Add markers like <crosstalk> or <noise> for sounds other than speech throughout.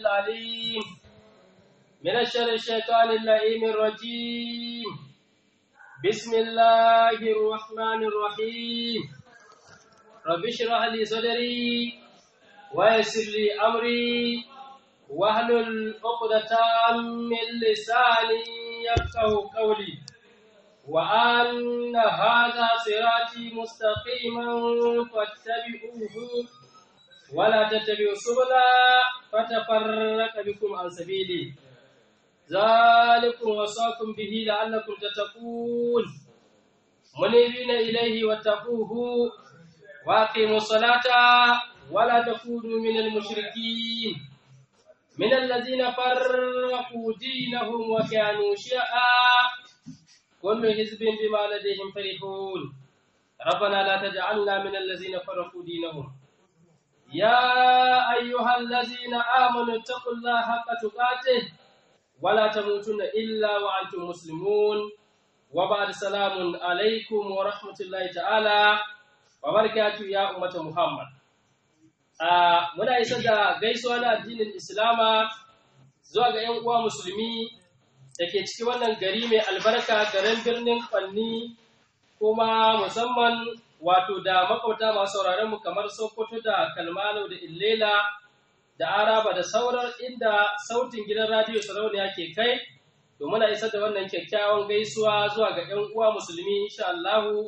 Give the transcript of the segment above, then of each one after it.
العليم من الشر الشيطان اللئيم الرجيم بسم الله الرحمن الرحيم رب اشرح لي صدري ويسر لي امري واهل عقدة من لساني يفقه قولي وأن هذا صراطي مستقيما فاتبعوه ولا تتبعوا سبلا فتفرق بكم عن سبيلي ذلكم وصاكم به لعلكم تتقون منيبين إليه واتقوه وأقيموا الصلاة ولا تكونوا من المشركين من الذين فرقوا دينهم وكانوا شيعا كل حزب بما لديهم فرحون ربنا لا تجعلنا من الذين فرقوا دينهم يا أيها الذين آمنوا اتقوا الله حق تقاته ولا تموتن إلا وأنتم مسلمون وبعد سلام عليكم ورحمة الله تعالى وبركاته يا أمة محمد muna isa da gaisuwa na addinin Islama zuwa ga ‘yan uwa musulmi da ke ciki wannan gari mai albarka garin birnin Kwanni kuma musamman wato da makwabta masu sauraron mu kamar Sokoto da Kalmalo da Illela da Araba da sauran inda sautin gidan radiyo Sarauniya ke kai to muna isar da wannan kyakkyawan gaisuwa zuwa ga yan uwa musulmi insha Allah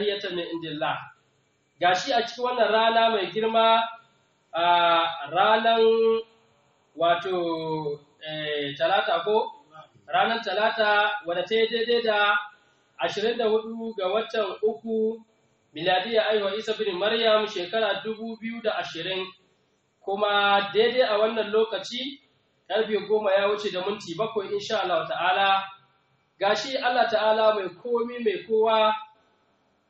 hiyatar mai indillah gashi a cikin wannan rana mai girma a ranan wato eh, talata ko ranar talata wadda ta yi daidai da 24 ga watan uku miladiyar aiwa isa bin maryam shekara dubu biyu da ashirin kuma daidai a wannan lokaci karfe goma ya wuce da minti bakwai insha Allah ta'ala gashi Allah ta'ala mai komi mai kowa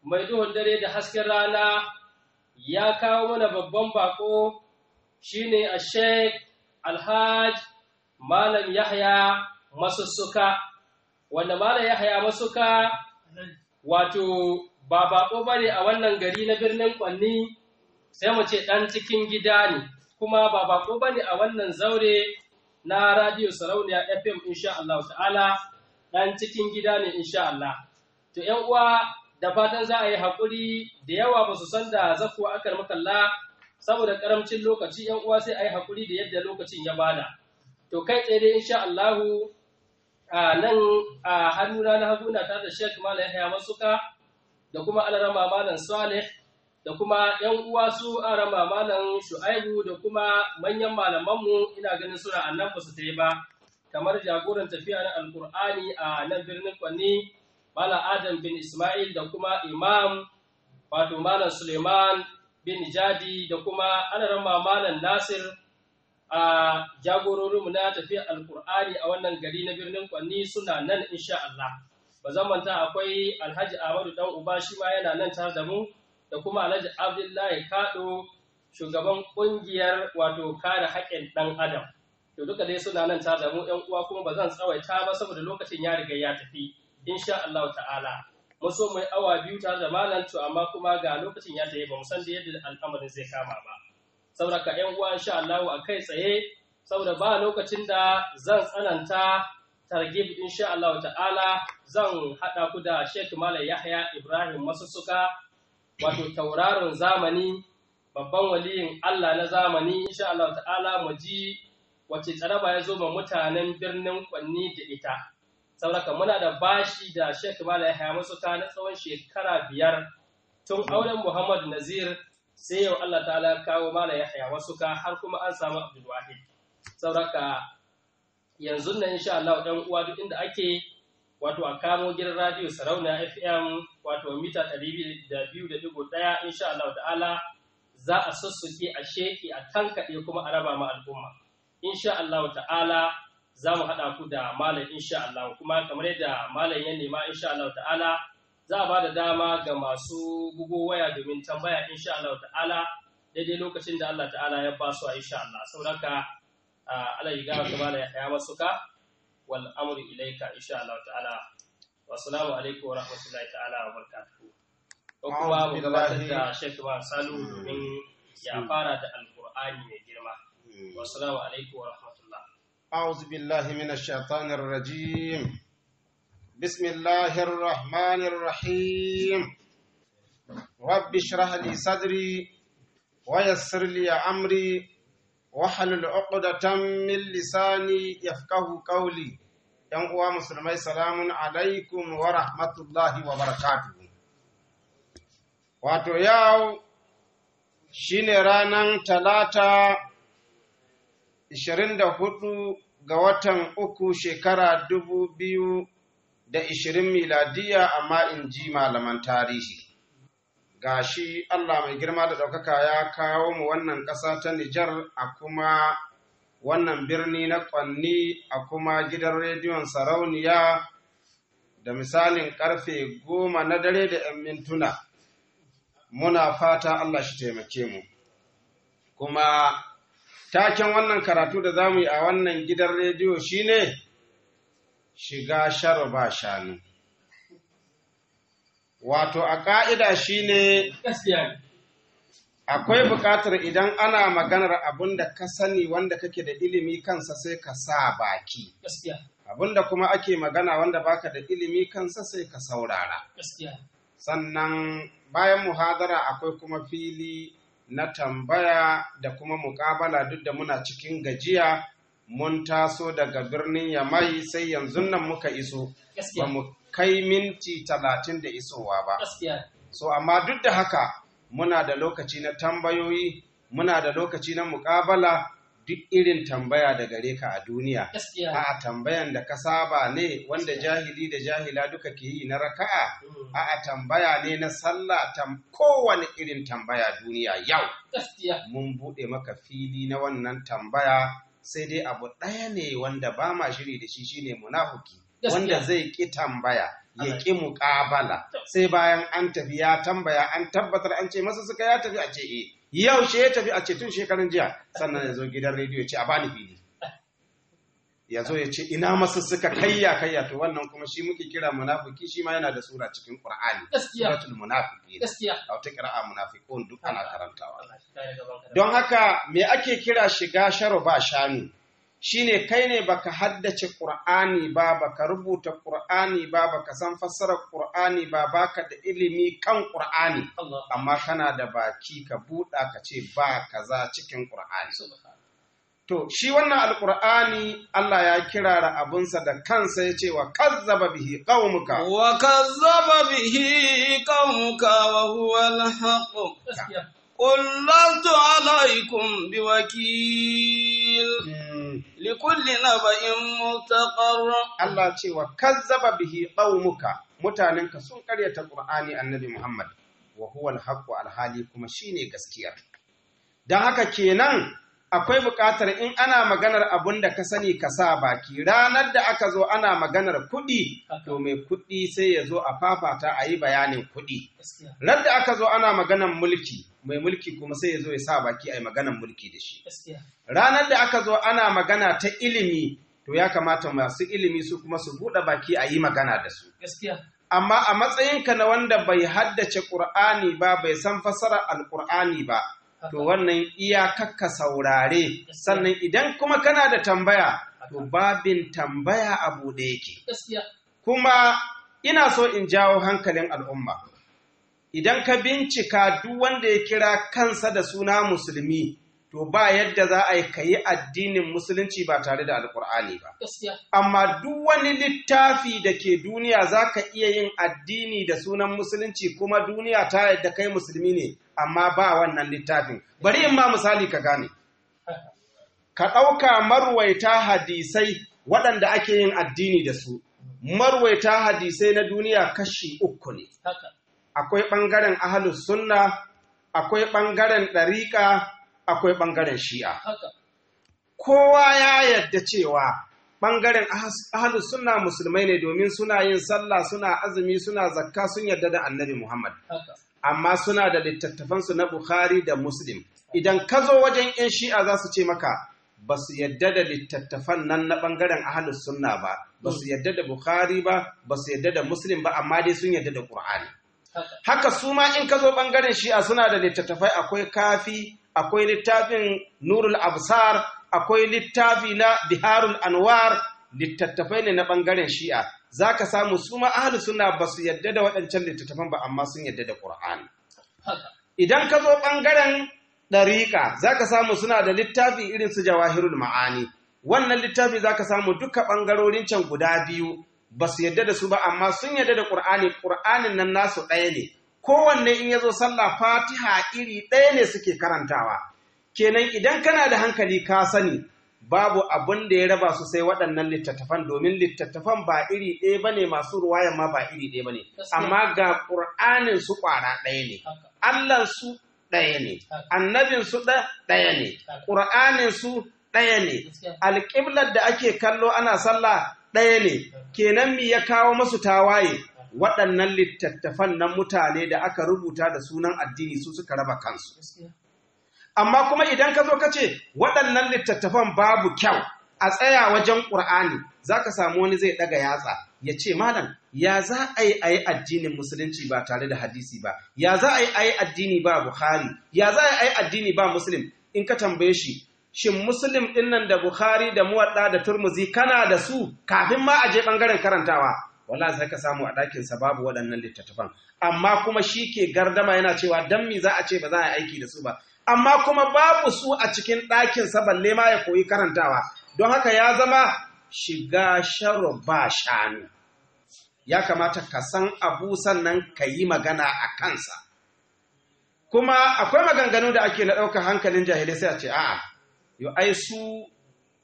mai duhun dare da hasken rana ya kawo mana babban bako shine a sheik alhaj malam yahya masussuka wanda malam yahya masuka wato ba baƙo ba ne a wannan gari na birnin Kwanni sai mu ce ɗan cikin gida ne, kuma ba baƙo ba ne a wannan zaure na radiyo Sarauniya FM insha Allah ta'ala ɗan cikin gida ne insha Allah. To ‘yan uwa da fatan za a yi haƙuri da yawa ba su san da zakuwa akar makalla saboda ƙaramcin lokaci ‘yan uwa sai a yi haƙuri da yadda lokacin ya bada. To kai tsaye dai insha Allahu a nan a hannuna na haguna tare da Sheikh ya Yahya Masuka. da kuma alarama malam salih da kuma ‘yan uwa su arama malam shu'aibu da kuma manyan malamanmu ina ganin suna annan ba su ta yi ba kamar jagoran tafiya na alkur'ani a nan birnin kwanni malam adam bin ismail da kuma imam wato malam suleiman bin jadi da kuma alarama malam nasir a jagororinmu na tafiya alkur'ani a wannan gari na birnin kwanni suna nan insha Allah. ba zan manta akwai alhaji ahmadu dan uba shi ma yana nan tare da mu da kuma alhaji abdullahi kado shugaban kungiyar wato kare haƙƙin ɗan adam to duka dai suna nan tare da mu yan uwa kuma ba zan tsawaita ba saboda lokacin ya riga ya tafi insha Allah ta'ala mu so mu awa biyu tare da malam to amma kuma ga lokacin ya tafi ba mu san da yadda al'amarin zai kama ba saboda ka yan uwa insha Allah a kai tsaye saboda ba lokacin da zan tsananta targib insha Allah ta'ala zan haɗa ku da Sheikh Malam Yahya Ibrahim Masussuka wato tauraron zamani babban waliyin Allah na zamani insha Allah ta'ala mu ji wace tsaraba ya zo ma mutanen birnin Kwanni da ita sauraka muna da bashi da Sheikh Malam Yahya Masussuka na tsawon shekara biyar tun auren Muhammad Nazir sai yau Allah ta'ala kawo Malam Yahya Masussuka har kuma an samu Abdul Wahid sauraka yanzu nan insha Allah ɗan uwa duk inda ake wato a kamo gidan radio sarauna FM wato mita 200.1 insha Allah ta'ala za a sassuke a sheki a tankaɗe kuma a raba ma al'umma insha Allah ta'ala za mu haɗa ku da malam insha Allah kuma kamar yadda malam ya nema insha Allah ta'ala za a ba da dama ga masu bugo waya domin tambaya insha Allah ta'ala daidai lokacin da Allah ta'ala ya ba su a insha Allah sauraka ala yi gawa kuma da ya masu ka wal amru ilaika insha Allah ta'ala wa salamu alaikum wa rahmatullahi ta'ala wa barakatuh ko kuma mu gabatar da Sheikh Umar Salu domin ya fara da alqur'ani mai girma wa assalamu alaikum wa rahmatullah a'udhu billahi minash shaitanir rajim bismillahir rahmanir rahim rabbi shrah li sadri ويسر لي أمري wahalul uqdatan min lisani yafkahu ƙauli yan uwa musulmai salamun alaikum wa rahmatullahi wa barakatu wato yau shine ranar talata 24 ga watan uku shekara 2020 miladiya amma in ji malaman tarihi ga shi Allah mai girma da ɗaukaka ya kawo mu wannan ƙasa ta Nijar a kuma wannan birni na ƙwanni a kuma gidan rediyon sarauniya da misalin ƙarfe goma na dare da ‘yan mintuna. Muna fata Allah shi taimake mu. Kuma taken wannan karatu da za mu yi a wannan gidan rediyo shine shiga sharo ba shanu. wato a ƙa'ida ne akwai buƙatar idan ana maganar abin da ka sani wanda kake da ilimi kansa sai ka sa baki abin da kuma ake magana wanda baka da ilimi kansa sai ka saurara sannan bayan muhadara akwai kuma fili na tambaya da kuma muƙabala duk da muna cikin gajiya mun taso daga birnin yamai sai yanzu nan muka iso ba mu kai minti talatin da isowa ba. So, amma duk da haka muna da lokaci na tambayoyi, muna da lokaci na muƙabala duk irin tambaya da gare ka a duniya. 'a tambayan da ka saba ne wanda jahili da jahila duka ke yi na raka'a, mm. a'a tambaya ne na sallah tam kowane irin tambaya duniya yau. Mun buɗe maka fili na wannan tambaya sai dai abu ɗaya ne wanda ba ma shiri da shi shine munafuki. wanda zai ki tambaya ya ƙi muƙabala sai bayan an tafi ya tambaya an tabbatar an ce masa suka ya tafi a ce e eh, yau she ya tafi a ce tun shekarun jiya sannan ya zo gidan rediyo ce a bani fili <laughs> ya zo ya ce ina masu suka kayya kayya to wannan kuma shi muke kira munafiki shi ma yana da sura cikin qur'ani suratul munafiqin gaskiya a wata qira'a munafiqun duk ana karantawa don haka me ake kira shiga sharu ba shanu shine kai ne baka haddace Qur'ani ba baka rubuta Qur'ani ba baka san fassarar Qur'ani ba baka da ilimi kan Qur'ani amma kana da baki ka buɗa ka ce ba kaza cikin Qur'ani to shi wannan alqur'ani Allah ya kirara abunsa da kansa ya ce wa kazzaba bihi qaumuka wa kazzaba bihi qaumuka wa huwa alhaq qul lastu alaikum biwakil hmm. likulli naba'in mustaqarr Allah cewa kazzaba bihi qaumuka mutanenka sun karyata qur'ani annabi Muhammad wa huwa alhali kuma shine gaskiya dan haka kenan akwai buƙatar in ana maganar abun da ka sani ka sa baki ranar da aka zo ana maganar kuɗi to mai kuɗi sai ya zo a fafata a yi bayanin kuɗi ranar da aka zo ana maganar mulki mai mulki kuma sai ya zo ya sa baki a yi maganar mulki da shi ranar da aka zo ana magana ta ilimi to ya kamata masu ilimi su kuma su buɗe baki a yi magana da su amma a matsayinka na wanda bai haddace ƙur'ani ba bai san fasarar alƙur'ani ba to wannan iyakakka saurare sannan idan kuma kana da tambaya to babin tambaya a buɗe yake kuma ina so in jawo hankalin al'umma idan ka bincika duk wanda ya kira kansa da suna musulmi to ba yadda za a yi ka yi addinin musulunci ba tare da alkur'ani ba amma duk wani littafi da ke duniya za ka iya yin addini da sunan musulunci kuma duniya ta yadda kai musulmi ne amma ba wannan littafin bari in ma misali ka gane ka ɗauka marwaita hadisai waɗanda ake yin addini da su marwaita hadisai na duniya kashi uku ne akwai ɓangaren ahalus sunna akwai ɓangaren ɗariƙa akwai ɓangaren shi'a kowa ya yadda cewa ɓangaren ahalus suna musulmai ne domin suna yin sallah suna azumi suna zakka sun yarda da annabi muhammad amma suna da littattafansu na bukhari da muslim idan ka zo wajen 'yan shi'a za su ce maka ba su yadda da littattafan nan na ɓangaren ahalus suna ba ba su yadda da bukhari ba ba su yadda da muslim ba amma dai sun yadda da ƙur'ani haka su ma in ka zo ɓangaren shi'a suna da littattafai akwai kafi akwai littafin nurul absar akwai littafi na biharul anwar littattafai ne na ɓangaren shi'a za ka samu su ma'ahalu suna ba su yadda da waɗancan littattafan ba amma sun yadda da ƙur'ani idan ka zo ɓangaren ɗariƙa za ka samu suna da littafi irin su jawahirul ma'ani wannan littafi za ka samu duka ɓangarorin can guda biyu ba su yadda da su ba amma sun yadda da ƙur'ani ƙur'anin nan nasu ɗaya ne kowanne in ya zo sallah fatiha iri ɗaya ne suke karantawa kenan idan kana da hankali ka sani babu abin da ya raba su sai waɗannan littattafan domin littattafan ba iri ɗaya ba ne masu ruwayan ma ba iri ɗaya ba amma ga ƙur'anin su ƙwara ɗaya ne allah su ɗaya ne annabin su ɗaya ne ƙur'anin su ɗaya ne alƙiblar da ake kallo ana sallah ɗaya ne kenan mi ya kawo masu tawaye waɗannan littattafan nan mutane da aka rubuta da sunan addini su suka raba kansu amma kuma idan ka zo ka ce waɗannan littattafan babu kyau a tsaya wajen ƙur'ani za ka samu wani zai ɗaga yatsa ya ce malam ya za a yi a yi addinin musulunci ba tare da hadisi ba ya za a yi a yi addini ba bukhari ya za a yi addini ba muslim in ka tambaye shi shin muslim ɗin nan da bukhari da muwaɗa da turmuzi kana da su kafin ma a je ɓangaren karantawa wallahi sai ka samu a ɗakin sa babu waɗannan littattafan amma kuma shi ke gardama yana cewa dan me za a ce ba za a aiki da su ba amma kuma babu su a cikin ɗakin sa balle ma ya koyi karantawa don haka ya zama shiga sharo ba shanu ya kamata ka san abu sannan ka yi magana a kansa kuma akwai maganganu da ake na ɗaukar hankalin jahilai sai a ce a'a yo ai su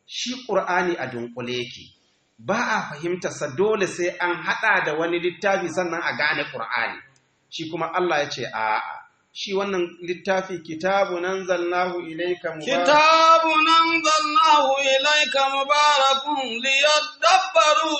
shi ƙur'ani a dunkule yake ba a fahimtarsa dole sai an haɗa da wani littafi sannan a gane ƙur'ani shi kuma Allah ya ce a'a shi wannan littafi kitabu nan zallahu ilaika mubarak kitabu nan zallahu ilaika mubarakun liyadabbaru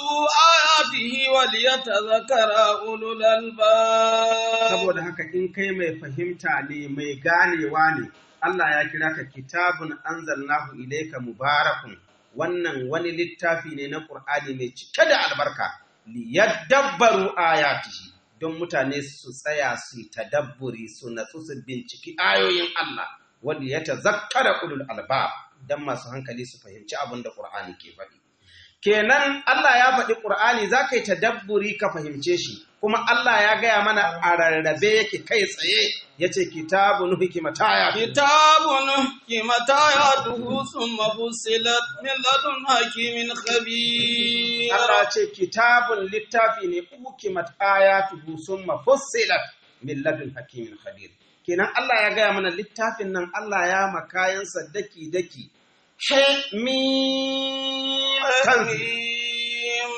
ayatihi wa liyatadhakkara ulul albab saboda haka in kai mai fahimta ne mai ganewa ne Allah ya kira ka kitabun anzalnahu ilaika mubarakun wannan wani littafi ne na ƙur'ani mai cike da albarka liyaddabbaru ayatihi don mutane su tsaya su tadabburi su natsu su binciki ayoyin Allah wanda ya tazakkara ulul albab don masu hankali su fahimci abin da ƙur'ani ke faɗi kenan Allah ya faɗi ƙur'ani za ka yi tadabburi ka fahimce shi kuma Allah ya gaya mana a rarrabe yake kai tsaye ya ce kitabun hikimata ya kitabun hikimata ya duhu sun mafusilat min ladun hakimin khabir Allah ce kitabun littafi ne mataya duhu sun mafusilat min ladun hakimin khabir kenan Allah ya gaya mana littafin nan Allah ya makayansa daki daki حميم تنزيل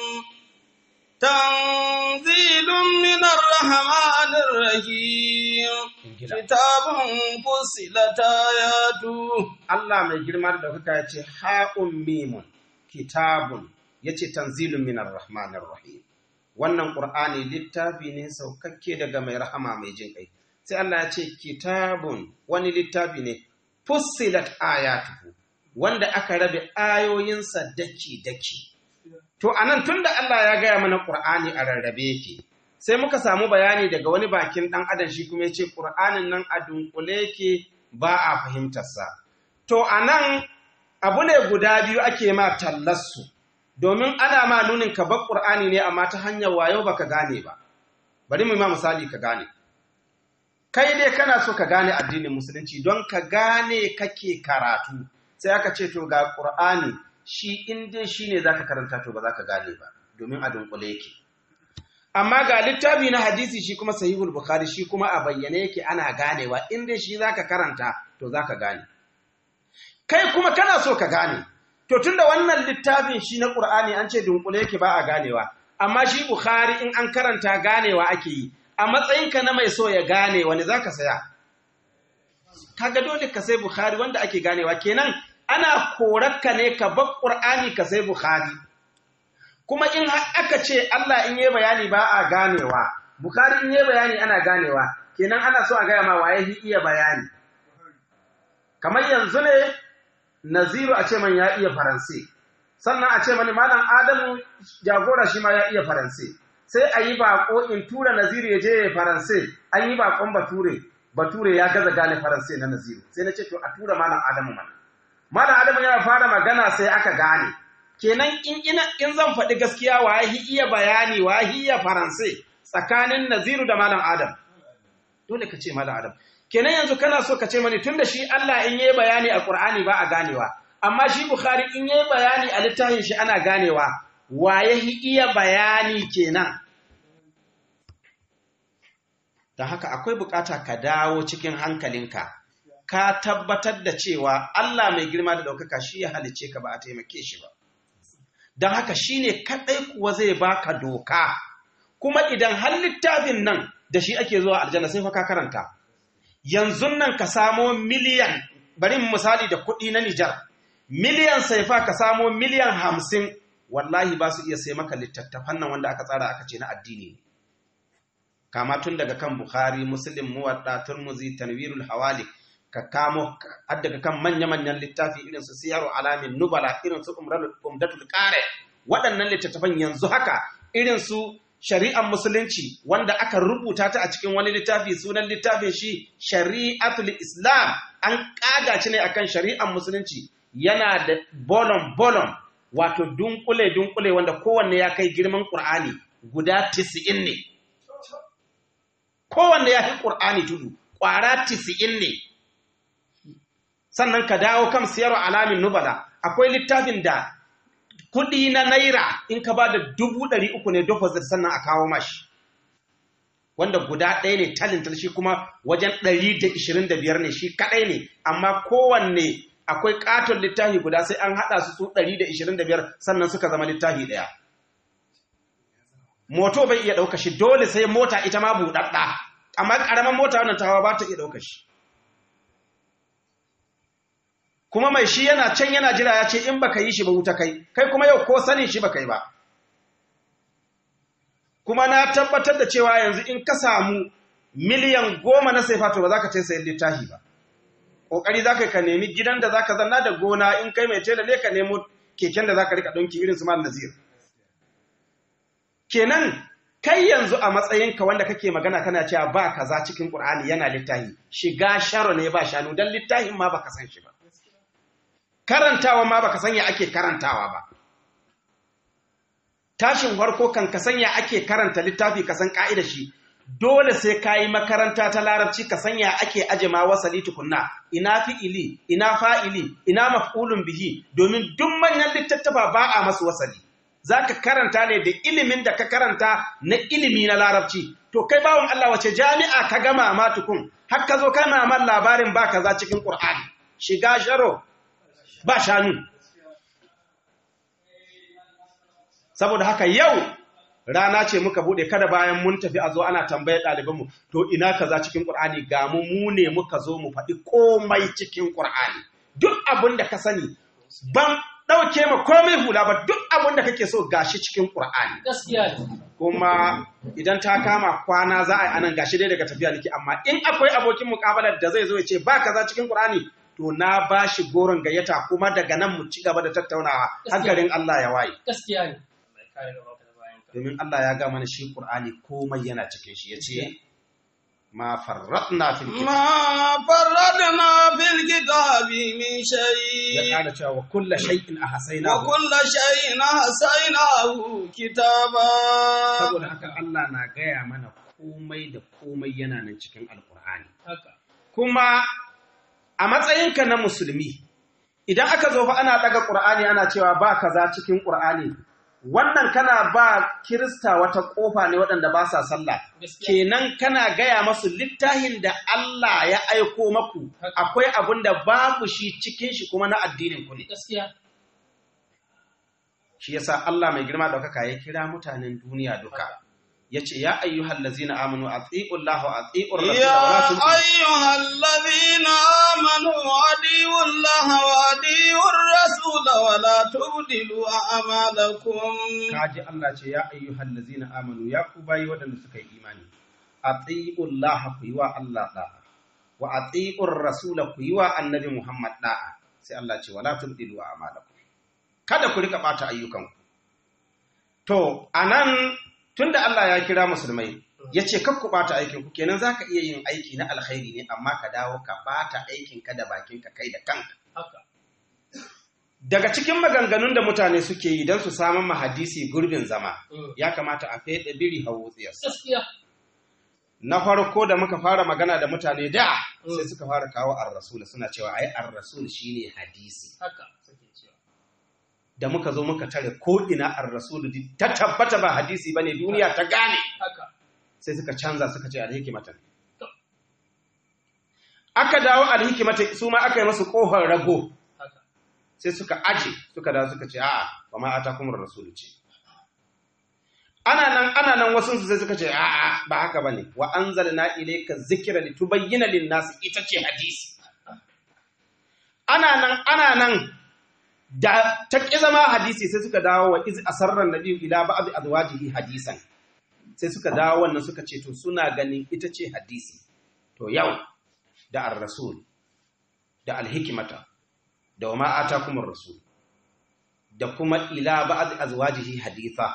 تنزيل من الرحمن الرحيم كتاب فصلت آياته الله ما يجرم حاء ميم كتاب yace tanzilun minar rahmanir rahim wannan ƙur'ani littafi ne saukakke daga mai rahama mai jin kai sai Allah ya ce kitabun wani littafi ne fussilat ayatuhu wanda aka rabe ayoyinsa daki-daki. To, a nan tun da Allah ya gaya mana ƙur'ani a rarrabe ke, sai muka samu bayani daga wani bakin ɗan adam shi kuma ya ce ƙur'anin nan a dunkule yake ba a fahimtarsa. To, a nan abu ne guda biyu ake ma tallassu, domin ana ma nunin ka bar ƙur'ani ne amma ta hanyar wayo ka gane ba. Bari mu ma misali ka gane. Kai dai kana so ka gane addinin musulunci don ka gane kake karatu. sai aka ce to ga ƙur'ani shi in shi ne za ka karanta to ba za ka gane ba domin a dunkule yake amma ga littafi na hadisi shi kuma sahihul bukhari shi kuma a bayyane yake ana ganewa in dai shi za ka karanta to za ka gane kai kuma kana so ka gane to tunda wannan littafin shi na ƙur'ani an ce dunkule yake ba a ganewa amma shi bukhari in an karanta ganewa ake yi a matsayinka na mai so ya gane wani za ka saya kaga dole ka sai bukhari wanda ake ganewa kenan ana korarka ne ka bar qur'ani ka sai bukhari kuma in aka ce Allah in yi bayani ba a ganewa bukhari in yi bayani ana ganewa kenan ana so a gaya ma waye iya bayani kamar yanzu ne naziru a ce man ya iya faransi sannan a ce mani malam adamu jagora shi ma ya iya faransi sai a yi bako in tura naziru ya je ya faransi an yi bakon bature bature ya gaza gane faransai na naziru sai na ce to a tura malam adamu mana malam adamu yana fara magana sai aka gane kenan in ina in zan faɗi gaskiya wahi iya bayani wahi iya faransai tsakanin naziru da malam adam dole ka ce malam adam kenan yanzu kana so ka ce mani tunda shi Allah in yayi bayani a Qur'ani ba a ganewa amma shi Bukhari in yayi bayani a littafin shi ana ganewa waye iya bayani kenan don haka akwai bukata ka dawo cikin hankalinka ka tabbatar da cewa Allah mai girma da ɗaukaka shi ya halice ka ba a taimake shi ba don haka shi ne kaɗai kuwa zai baka doka kuma idan har littafin nan da shi ake zuwa aljanna sai fa karanta yanzu nan ka samo miliyan bari misali da kuɗi na Nijar miliyan saifa ka samo miliyan hamsin wallahi ba su iya sai maka littattafan nan wanda aka tsara aka ce na addini ne kama tun daga kan bukhari muslim muwadda turmuzi tanwirul hawali ka kamo har kan manya-manyan littafi irin su siyaru alamin nubala irin su umdatul kare waɗannan littattafan yanzu haka irin su shari'ar musulunci wanda aka rubuta ta a cikin wani littafi sunan littafin shi shari'atul islam an ƙaga ci ne akan shari'ar musulunci yana da bolon bolon wato dunkule dunkule wanda kowanne ya kai girman ƙur'ani guda 90 ne kowanne ya fi ƙur'ani tudu ƙwara tisi'in ne sannan ka dawo kan siyarwa alamin nubala akwai littafin da kuɗi na naira in ka ba da dubu ɗari uku ne deposit sannan a kawo mashi wanda guda ɗaya ne talintal shi kuma wajen ɗari da ishirin da biyar ne shi kaɗai ne amma kowanne akwai ƙaton littafi guda sai an haɗa su su ɗari da ishirin da biyar sannan suka zama littafi ɗaya moto bai iya dauka shi dole sai mota ita ma buɗaɗɗa amma karaman mota wannan tawa ba ta iya dauka shi kuma mai shi yana can yana jira ya ce in baka yi shi ba wuta kai kai kuma yau ko sanin shi baka yi ba kuma na tabbatar da cewa yanzu in ka samu miliyan goma na saifato ba za ka ce sayan littafi ba ƙoƙari za ka ka nemi gidan da za ka zanna da gona in kai mai tela ne ka nemo keken da za ka rika ɗonki irin su mal nazir kenan kai yanzu a matsayinka wanda kake magana kana cewa ba kaza cikin Qur'ani yana littahi shiga sharo ne ba shanu dan littahin ma baka san shi ba karantawa ma baka san ya ake karantawa ba tashin farko kan ka sanya ake karanta littafi ka san ka'ida shi dole sai ka makaranta ta larabci ka sanya ake aje ma wasali tukunna ina fi'ili ina fa'ili ina maf'ulun bihi domin duk manyan littattafa ba a masu wasali Za ka karanta ne da ilimin da ka karanta na ilimi na larabci to kai bawon Allah wace jami'a ka gama ma tukun har ka zo kana man labarin ba kaza cikin Qur'ani shiga sharo ba shanu saboda haka yau rana ce muka bude kada bayan mun tafi a zo ana tambayar ɗalibanmu to ina kaza cikin ƙur'ani ga mu mu ne muka zo mu faɗi komai cikin ƙur'ani duk abin da ka sani ban ɗauke ma komai hula ba duk abin da kake so gashi cikin ƙur'ani kuma idan ta kama kwana za a yi anan gashi dai daga tafiya nake amma in akwai abokin muƙabalar da zai zo ya ce ba kaza cikin ƙur'ani to na ba shi goron gayyata kuma daga nan mu ci gaba da tattaunawa hankalin Allah ya waye domin Allah ya ga mana shi ƙur'ani komai yana cikin shi ya ce ما فرطنا في الكتاب na فرطنا في الكتاب من شيء يقال تشا وكل شيء أحسيناه وكل شيء أحسيناه كتابا سبب هكا الله نا gaya mana komai da komai yana nan cikin alkur'ani kuma a matsayinka na musulmi idan aka zo fa ana ɗaga ƙur'ani ana cewa ba kaza cikin ƙur'ani. wannan kana ba kirista wata kofa ne waɗanda ba sa sallah kenan kana gaya masu littafin da Allah ya aiko maku akwai abin da babu shi cikin shi kuma na addinin ku ne shi yasa Allah mai girma ɗaukaka ya kira mutanen duniya duka yace ya ayyuhal ladzina amanu atiiu Allah wa atiiu ar-rasul Ya ayyuhal ladzina amanu atiiu Allah wa atiiu ar-rasul wa la tubdilu a'malakum kaji Allah ce ya ayyuhal ladzina amanu ya ku bayi wadanda suka yi imani atiiu Allah ku yi wa Allah da'a wa atiiu ar-rasul ku yi wa annabi Muhammad da'a sai Allah ce wa la tubdilu a'malakum kada ku rika bata ayyukanku to anan Tun da Allah ya kira musulmai ya ce kar ku bata aikin ku kenan za ka iya yin aiki na alkhairi ne amma ka dawo ka bata aikin ka da bakin ka kai da kanka daga cikin maganganun da mutane suke yi don su samun mahadisi gurbin zama mm. ya kamata a fede biri hau na farko da muka fara magana da mutane da mm. sai suka fara kawo arrasul suna cewa ai ar-rasul shine hadisi da muka zo muka tare ko'ina ina rasulu ta tabbata ba hadisi ba ne duniya ta gane sai suka canza suka ce alhikimata aka dawo alhikimata su ma aka yi masu kohon rago sai suka aje suka dawo suka ce a'a ba ma atakum ar-rasulu ce ana nan wasu su sai suka ce a'a ba haka ba ne, wa an na anzalna zikira da litubayyana lin nasu ita ce hadisi ana nan ana nan da ta ƙi zama hadisi sai suka dawo wa iz asarran nabi ila ba'd azwajihi hadisan sai suka dawo wannan suka ce to suna ganin ita ce hadisi to yau da ar-rasul da al-hikmata da ma atakum ar-rasul da kuma ila ba'd azwajihi haditha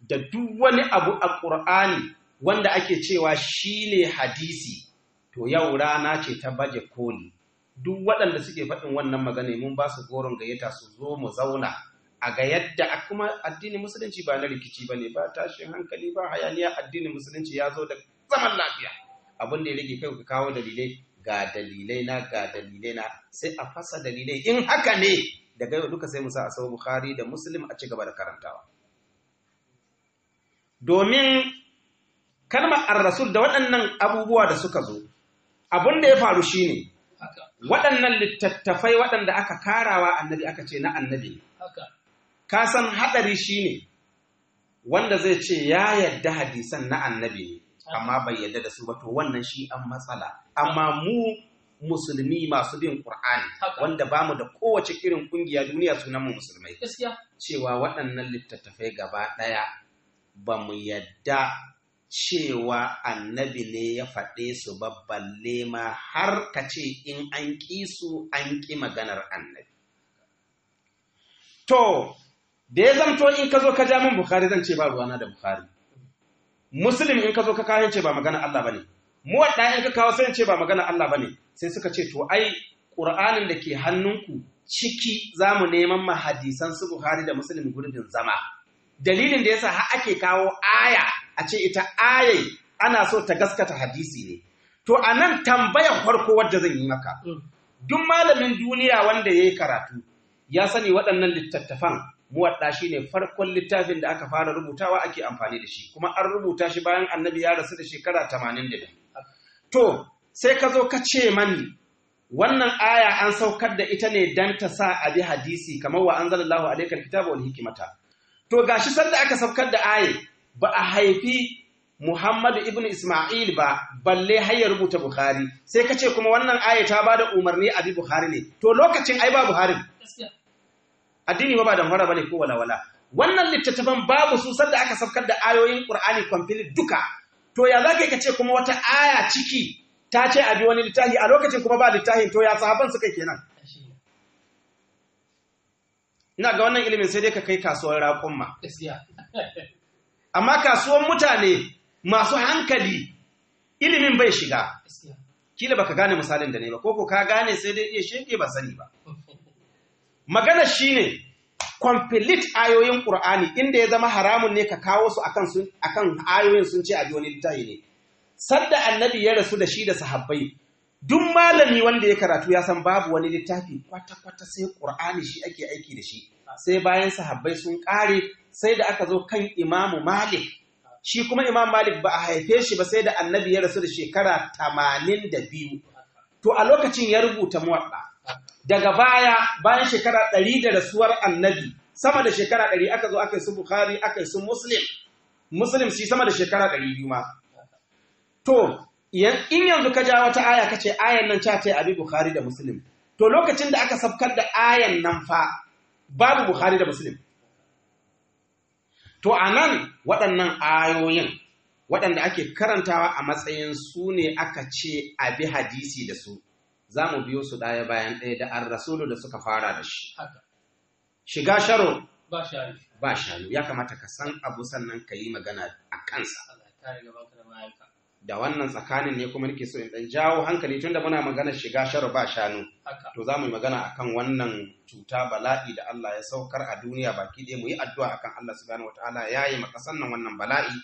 da duk wani abu a Qur'ani wanda ake cewa shine hadisi to yau rana ce ta baje koli duk waɗanda suke faɗin wannan magana mun ba su goron gayyata su zo mu zauna a ga yadda kuma addinin musulunci ba na rikici ba ne ba tashin hankali ba hayaniya addinin musulunci ya zo da zaman lafiya abin da ya rage kai ka kawo dalilai ga dalilai na ga dalilai na sai a fasa dalilai in haka ne daga yau duka sai mu sa a sau bukhari da muslim a ci gaba da karantawa domin kalmar ar-rasul da waɗannan abubuwa da suka zo abin da ya faru shine waɗannan littattafai waɗanda aka karawa annabi aka ce na annabi ka san haɗari shi ne. wanda zai ce ya yadda hadisan na annabi ne amma bai yadda da su ba to wannan shi an matsala amma mu musulmi masu bin Qur'ani wanda ba mu da kowace irin ƙungiya duniya sunan mu musulmai cewa waɗannan littattafai gaba ɗaya ba mu yadda cewa annabi ne ya faɗe su babban ma har ka ce in an ƙi su an ƙi maganar annabi. To, da ya zamto in ka zo ka ja min Bukhari zan ce ba ruwana da Bukhari. Muslim in ka zo ka kayan ce ba magana Allah ba ne. Muwaɗa in ka kawo sai ce ba magana Allah ba ne. Sai suka ce, to ai, ƙur'anin da ke hannunku ciki za mu neman mahadisan su Bukhari da Muslim gurbin zama. Dalilin da yasa sa ake kawo aya a ce ita ayai ana so ta gaskata hadisi ne to a nan tambayan farko wadda zan yi maka mm. duk malamin duniya wanda ya yi karatu ya sani waɗannan littattafan muwaɗa shi ne farkon littafin da aka fara rubutawa ake amfani da shi kuma an rubuta shi bayan annabi ya rasu da shekara tamanin da to sai ka zo ka ce mani wannan aya an saukar da ita ne dan ta sa a bi hadisi kamar wa anzalallahu alaikar kitaba wal hikimata to gashi sanda aka saukar da aya ba a haifi Muhammadu ibn Ismail ba balle har ya rubuta Bukhari sai ka ce kuma wannan aya ta bada umarni a bi Bukhari ne to lokacin ai ba Bukhari addini ba ba da fara bane ko walawala wannan littattafan babu su da aka safkar da ayoyin Qur'ani complete duka to ya zaka ka ce kuma wata aya ciki ta ce a bi wani littafi a lokacin kuma ba littafin to ya sahaban suka kenan ina ga wannan ilimin sai dai ka kai kasuwar raƙumma <laughs> amma kasuwan mutane masu hankali ilimin bai shiga kila baka gane misalin da ne ba koko ka gane sai dai iya shege ba sani ba <laughs> magana shine complete ayoyin qur'ani inda ya zama haramun ne ka kawo su akan sun ayoyin sun ce a wani littafi ne sadda annabi ya rasu da shi da sahabbai duk malami wanda ya karatu ya san babu wani littafi kwata kwata sai qur'ani shi ake aiki da shi ah. sai bayan sahabbai sun kare sai da aka zo kan imamu malik shi kuma imam malik ba a haife shi ba sai da annabi ya rasu da shekara tamanin da biyu to a lokacin ya rubuta muwaɗa daga baya bayan shekara ɗari da rasuwar annabi sama da shekara ɗari aka zo aka yi su bukhari aka yi su muslim muslim shi sama da shekara ɗari biyu ma to in yanzu ka ja wata aya ka ce ayan nan ta abi bukhari da muslim to lokacin da aka sabkar da ayan nan fa babu bukhari da muslim To a nan waɗannan ayoyin waɗanda ake karantawa a matsayin su ne aka ce a bi hadisi da su, za mu biyo su ɗaya bayan ɗaya da an rasulu da suka fara da shi. Shiga sharo ba shanu, ya kamata ka san abu sannan ka yi magana a kansa. da wannan tsakanin ne kuma nake so in dan jawo hankali tunda muna magana shiga sharu ba shanu to za mu yi magana akan wannan cuta bala'i da Allah ya saukar a duniya baki ɗaya mu yi addu'a akan Allah subhanahu wataala ya yi maka sannan wannan bala'i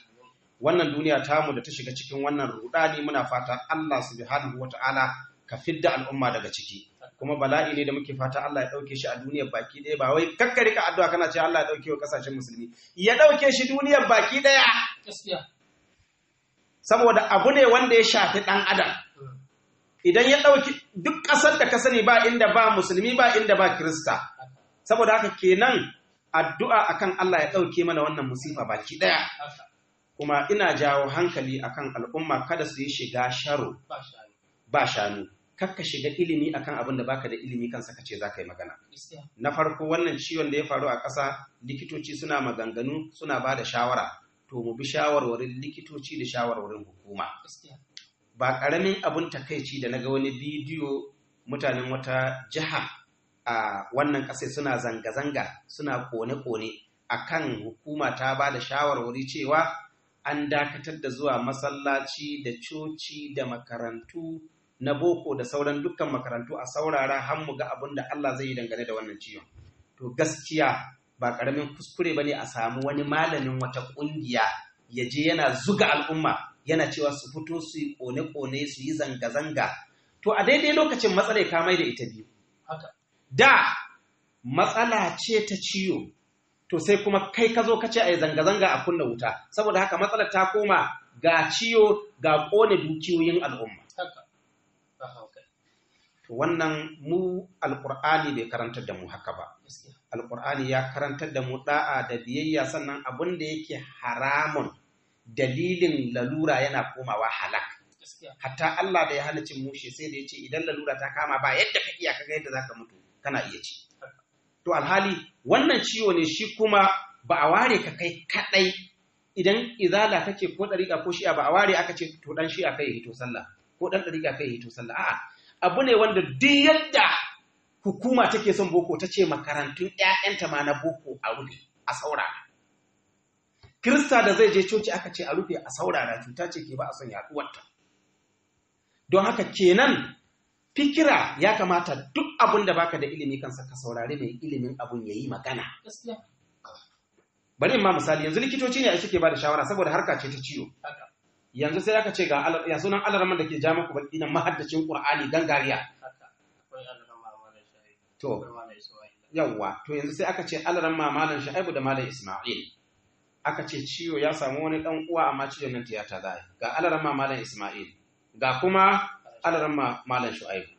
wannan duniya tamu da ta shiga cikin wannan rudani muna fata Allah subhanahu wataala ka fidda al'umma daga ciki kuma bala'i ne da muke fata Allah ya dauke shi a duniyar baki ɗaya ba wai kakkarika addu'a kana cewa Allah ya dauke wa kasashen musulmi ya ɗauke shi duniya baki ɗaya saboda abu ne wanda ya shafi ɗan adam idan ya ɗauki duk ƙasar da ka sani ba inda ba musulmi ba inda ba kirista saboda haka kenan addu'a akan Allah ya ɗauke mana wannan musifa baki ɗaya kuma ina jawo hankali akan al'umma kada su yi shiga sharo ba shanu kakka shiga ilimi akan abin da baka da ilimi kan sakace ce za ka yi magana na farko wannan ciwon da ya faru a ƙasa likitoci suna maganganu suna ba da shawara to mu bi shawarwarin likitoci da shawarwarin hukuma ba ƙaramin abin takaici da na ga wani bidiyo mutanen wata jiha a wannan ƙasai suna zanga-zanga suna kone-kone a kan hukuma ta ba da shawarwari cewa an dakatar da zuwa masallaci da coci da makarantu na boko da sauran dukkan makarantu a saurara har mu ga abin da Allah zai yi dangane da wannan ciwon to gaskiya ba karamin kuskure bane a samu wani malamin wata kungiya ya je yana zuga al'umma yana cewa su fito su yi ƙone kone su yi zanga-zanga to a daidai lokacin matsalai kamai da ita biyu da matsala ce ta ciwo to sai kuma kai ka zo ka a yi zanga-zanga a kunna wuta saboda haka matsalar ta koma ga ciwo ga kone dukiyoyin al'umma to wannan mu alkur'ani bai karantar da mu haka ba alkur'ani ya karantar da mu da'a da biyayya sannan abin da yake haramun dalilin lalura yana komawa halak hatta Allah da ya halicin mushe sai da ya ce idan lalura ta kama ba yadda ka iya kaga yadda zaka mutu kana iya ci to alhali wannan ciwo ne shi kuma ba a ware ka kai kadai idan izala kake ko dariƙa ko shi'a ba a ware aka ce to dan shi'a kai hito sallah ko dan dariƙa kai hito sallah a'a abu ne wanda duk yadda hukuma take son boko ta ce makarantun 'ya'yanta ma na boko a wuri a saurara kirista da zai je coci aka ce a rufe a saurara cuta ce ke ba a son yaduwarta don haka kenan fikira ya kamata duk abin da baka da ilimi kansa ka saurari mai ilimin abun ya yi magana bari ma misali yanzu likitoci ne a suke ba da shawara saboda harka ce ta ciwo yanzu sai aka ce ga yanzu sunan alarman da ke ja muku bakinan mahaddacin qur'ani gangariya to yawwa to yanzu sai aka ce alaran ma malam sha'ibu da malam isma'il aka ce ciwo ya samu wani dan uwa amma ciwon nan tiyata zai. ga alaran ma malam isma'il ga kuma alaran ma malam shu'aibu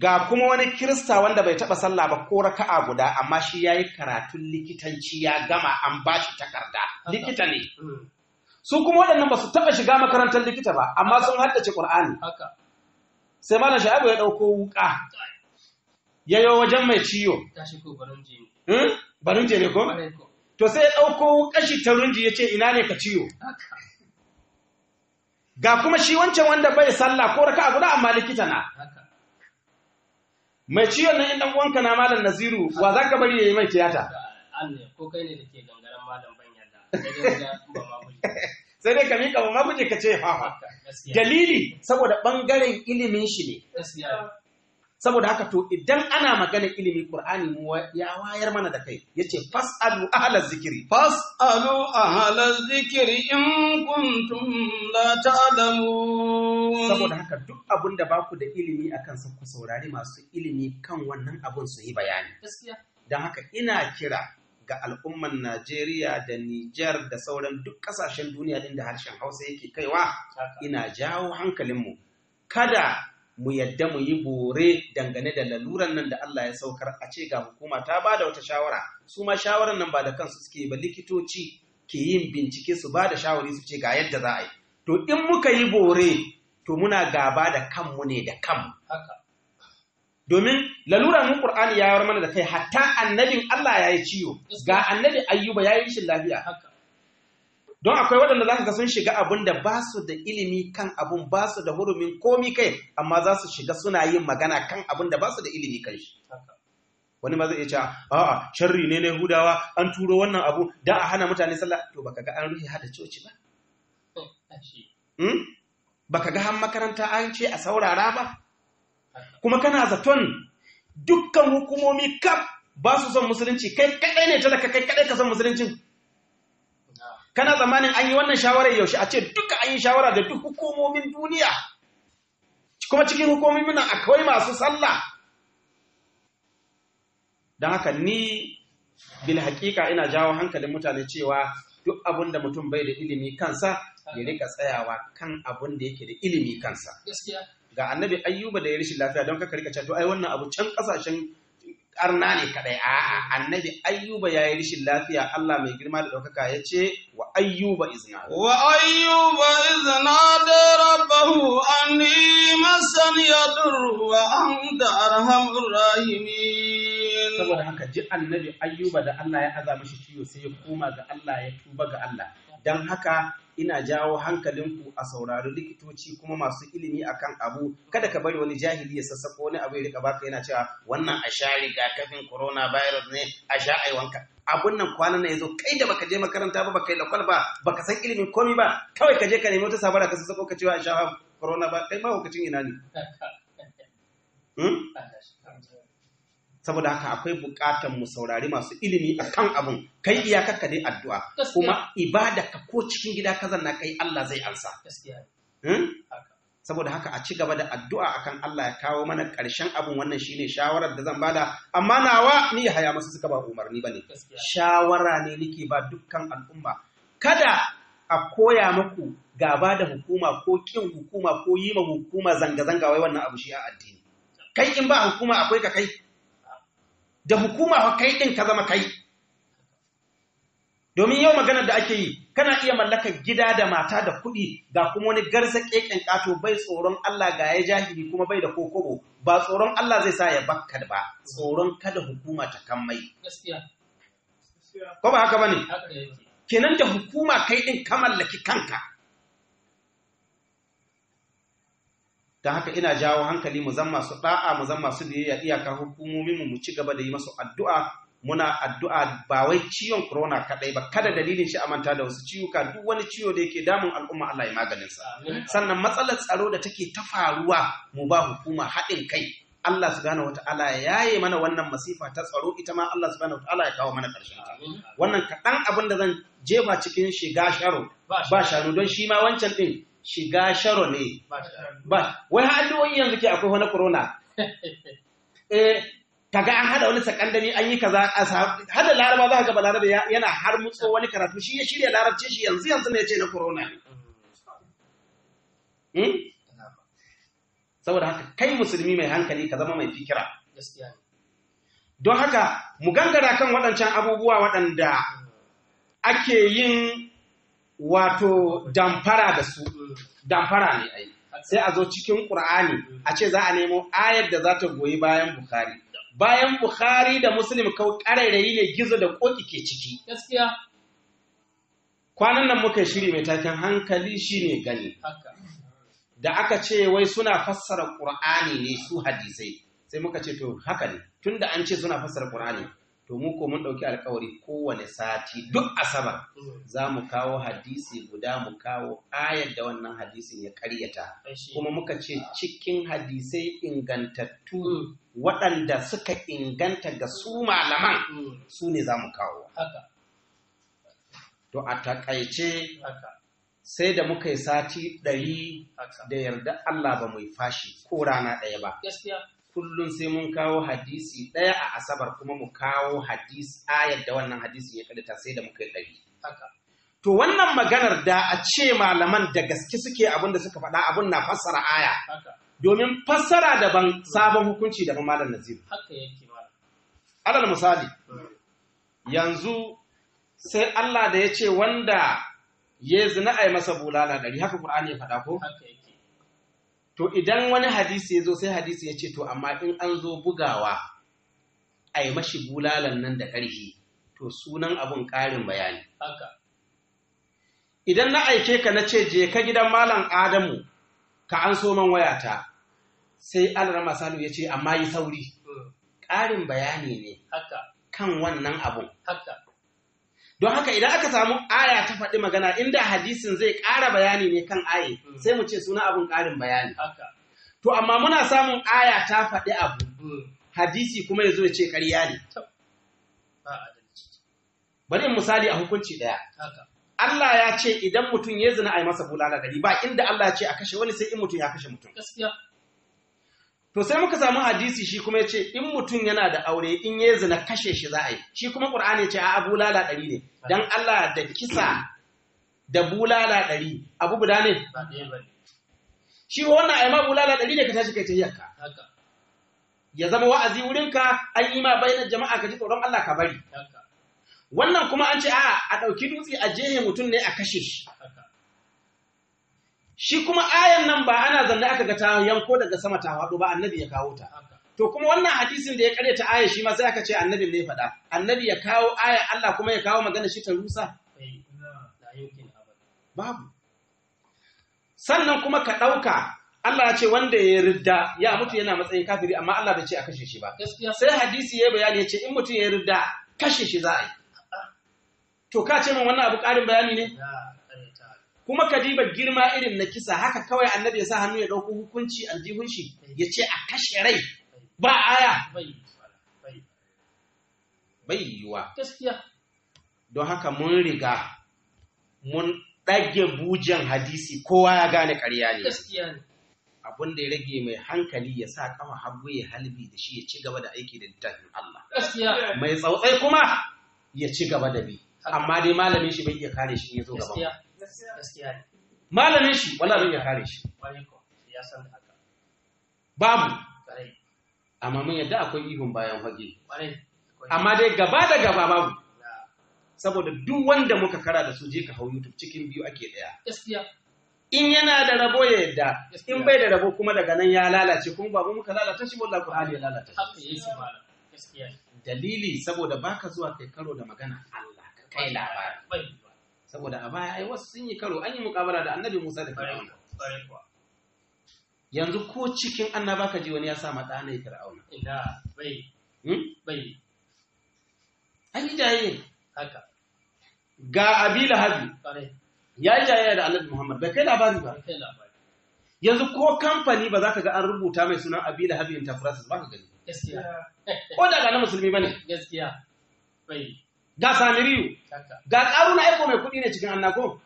ga kuma wani kirista wanda bai taba sallah ba ko raka'a guda amma shi yayi karatun likitanci ya gama an bashi takarda likita ne su kuma waɗannan ba su taba shiga makarantar likita ba amma sun haddace qur'ani sai malam sha'ibu ya dauko wuka yayo wajen mai ciyo barunje ne hmm? ko to sai ɗauko kashi ta runji ya ce ina ne ka ciyo ga kuma shi wancan wanda bai sallah ko raka guda amma likita na mai ciyon nan ɗan uwanka na malam naziru wa za ka bari ya yi mai tiyata <laughs> sai dai ka miƙa ma guje ka ce ha dalili saboda ɓangaren ilimin shi ne saboda haka to idan ana magana ilimi qur'ani mu ya wayar mana da kai yace fasalu ahla zikri fasalu ahla zikri in kuntum la ta'lamun saboda haka duk abin da baku da ilimi akan sa ku saurari masu ilimi kan wannan abun su yi bayani gaskiya dan haka ina kira ga al'umman Najeriya da Nijar da sauran duk ƙasashen duniya din da harshen Hausa yake kaiwa ina jawo hankalinmu kada mu yadda mu yi bore dangane da laluran nan da Allah ya saukar a ce ga hukuma ta ba da wata shawara su ma shawaran nan ba da kansu suke ba likitoci ke yin bincike su ba da shawari su ce ga yadda za a yi to in muka yi bore to muna gaba da kanmu ne da kan. domin lalurar mun qur'ani ya yar mana da kai hatta annabin Allah ya yi ciwo ga annabi ayyuba ya yi shin lafiya don akwai waɗanda za ka sun shiga abun da ba su da ilimi kan abun ba su da hurumin komi kai amma za su shiga suna yin magana kan abun da ba su da ilimi kan shi wani ma zai iya cewa a'a sharri ne na Yahudawa an turo wannan abu don a hana mutane sallah to baka ga an rufe hada coci ba hmm? Ba baka ga har makaranta an ce a saurara ba kuma kana zaton dukkan hukumomi kaf ba su son musulunci kai kadai ne talaka kai kadai ka son musuluncin kana tsammanin an yi wannan shawarar yaushe a ce duka an yi shawara da duk hukumomin duniya kuma cikin hukumomin nan akwai masu sallah don haka ni bil haƙiƙa ina jawo hankalin mutane cewa duk abin da mutum bai da ilimi kansa ya rika tsayawa kan abin da yake da ilimi kansa ga annabi ayyuba da ya rishi lafiya don kaka rika to ai wannan abu can kasashen karna ne kadai a'a annabi ayyuba yayi rishin lafiya Allah mai girma da daukaka ce wa ayyuba izna wa ayyuba izna da rabbahu anni ya duru wa anta arhamur rahimin saboda haka ji annabi ayyuba da Allah ya azaba shi ciwo sai ya koma ga Allah ya tuba ga Allah dan haka ina jawo hankalinku a saurari likitoci kuma masu ilimi akan abu kada ka bari wani jahili ya sassako wani abu ya rika baka yana cewa wannan a sha rigakafin coronavirus ne a sha aiwanka wanka abun nan kwanan nan yazo kai da baka je makaranta ba baka yi lakwal ba baka san ilimin komi ba kawai ka je ka nemi wata sabara ka sassako ka cewa a sha corona ba kai ma hukacin ina ne hmm? <laughs> saboda haka akwai bukatan mu saurari masu ilimi a kan abin kai iya ka dai addu'a kuma ibada ka ko cikin gida ka zanna kai Allah zai ansa hmm? saboda haka a ci gaba da addu'a akan Allah ya kawo mana ƙarshen abin wannan shine shawarar da zan bada amma nawa ni ya haya masu suka ba umarni bane shawara ne nake ba dukkan al'umma kada a koya maku gaba da hukuma ko kin hukuma ko yi ma hukuma zanga-zanga wai wannan abu shi a addini kai in ba hukuma akwai ka kai da hukuma kai din ka zama kai domin yau maganar da ake yi kana iya mallaka gida da mata da kuɗi ga kuma wani garza keken kato bai tsoron Allah ga ya jahili kuma bai da kokobo ba tsoron Allah zai sa ya bakka ba tsoron kada hukuma ta kan mai ko ba haka bane kenan da hukuma kai din ka mallaki kanka ta haka ina jawo hankali mu zama su da'a mu zama su biyayya iyaka hukumomin mu ci gaba da yi masu addu'a muna addu'a ba wai ciwon corona kadai ba kada dalilin shi manta da wasu ciwuka duk wani ciwo da yake damun al'umma Allah ya maganin sa sannan matsalar tsaro da take ta faruwa mu ba hukuma haɗin kai Allah subhanahu wataala ya yaye mana wannan masifa ta tsaro ita ma Allah subhanahu wataala ya kawo mana ƙarshen ta wannan kaɗan abin da zan jefa cikin shiga sharo ba shanu don shi ma wancan ɗin shiga sharo ne ba wai wani yanzu ke akwai wani corona <laughs> eh, ka ga an hada wani sakandami an yi kaza hada laraba za ka gaba laraba yana har mutso wani karatu shi ya shirya larabci shi yanzu yanzu ne ce na corona mm. hmm? saboda haka kai musulmi mai hankali ka zama mai fikira don haka mu gangara kan waɗancan abubuwa waɗanda mm. ake yin wato mm. damfara da su mm. damfara ne ai sai a zo cikin ƙur'ani mm. a ce za a nemo ayar da za ta goyi bayan bukhari bayan bukhari da muslim kau ƙarairayi ne gizo da ƙoƙi ke ciki gaskiya kwanan nan muka shiri mai taken hankali shine gani da aka ce wai suna fassara ƙur'ani ne su hadisai sai muka ce to haka ne tunda an ce suna fassara ƙur'ani to mu ko mun ɗauki alkawari kowane sati duk asabar za mu kawo hadisi guda mu kawo ayar da wannan hadisin ya ƙaryata, kuma muka ce cikin hadisai ingantattu mm. waɗanda suka inganta ga su malaman mm. su ne za mu kawo to a taƙaice sai da muka yi sati ɗari da yarda Allah ba mu yi fashi ko rana ɗaya ba kullum sai mun kawo hadisi ɗaya a asabar kuma mu kawo hadisi ayar da wannan hadisi ya kadata sai da muka yi ɗari to wannan maganar da a ce malaman da gaske suke abin da suka faɗa abin na fassara aya domin fassara daban sabon hukunci daban malam naziru alal misali hmm. yanzu sai Allah da ya ce wanda ya zina a yi masa bulala ɗari haka Qur'ani ya faɗa ko? to idan wani hadisi ya zo sai hadisi ya ce to amma in an zo bugawa a yi mashi bulalan nan da ƙarfi to sunan abun ƙarin bayani haka idan na aike ka na ce je ka gidan malam adamu ka an so man wayata sai alrama salu ya ce amma yi sauri mm. ƙarin bayani ne kan wannan abun don haka idan aka samu aya ta faɗi magana inda hadisin zai ƙara bayani ne kan aye mm. sai mu ce suna abun ƙarin bayani to amma muna samun aya ta faɗi abu mm. hadisi kuma ya zo ya ce ƙarya ne bari misali a hukunci ɗaya Allah ya ce idan mutum ya zina a yi masa bulala gari ba inda Allah ya ce a kashe wani sai in mutum ya kashe mutum To sai muka samu hadisi shi kuma ya ce in mutum yana da aure in ya zina kashe shi za a yi. Shi kuma ya ce a bulala ɗari ne. Don Allah da kisa da bulala ɗari abu guda ne? Shi wannan ayyama bulala ɗari ne ka tashi kai tayyarka. Ya zama wa'azi wurinka an yi ma bainar jama'a ka ji tsoron Allah ka bari. Wannan kuma an ce a a ɗauki dutse a jehe mutum ne a kashe shi. shi kuma ayan nan ba ana zanne aka ga ta yanko daga sama ta faɗo ba annabi ya kawo ta to kuma wannan hadisin da ya karyata aya shi ma sai aka ce annabi ne faɗa annabi ya kawo aya Allah kuma ya kawo magana shi ta rusa eh, babu sannan kuma ka ɗauka Allah ya ce wanda ya ridda ya mutu yana matsayin kafiri amma Allah bai ce a kashe shi ba sai hadisi ya bayani ya ce in mutum ya ridda kashe shi za a yi ah, ah. to ka ce min wannan abu ƙarin bayani ne kuma kadibar girma irin na kisa haka kawai annabi ya sa hannu ya dauko hukunci aljihun shi ya ce a kashe rai ba aya bai yiwuwa don haka mun riga mun dage bujen hadisi kowa ya gane karya ne abin da ya rage mai hankali ya sa kafa hagu ya halbi da shi ya ci gaba da aiki da littafin Allah mai tsautsai kuma ya ci gaba da bi amma dai malamin shi bai iya kare shi ne zo gaba malamin shi wala ya kare shi babu amma mun yadda akwai ihun bayan fage amma dai gaba da gaba babu saboda duk wanda muka kara da su je ka hau YouTube cikin biyu ake daya in yana da rabo ya yadda in bai da rabo kuma daga nan ya lalace kuma babu muka lalata shi wallahi Qur'ani ya lalata dalili saboda baka zuwa kai karo da magana Allah ka kai labari saboda a baya ai wasu sun yi karo an yi mukabara da annabi Musa da Fir'auna yanzu ko cikin annaba ka ji wani ya sa mata ne Fir'auna ina bai hmm? bai an yi jaye haka ga abila habi ya yi jaye da annabi Muhammad bai kai labari ba yanzu ko kamfani ba za ka ga an rubuta mai sunan abila habi enterprises ba ka gani gaskiya ko da ga na musulmi bane gaskiya bai ga samiriyu ga karuna aiko mai kuɗi ne cikin annako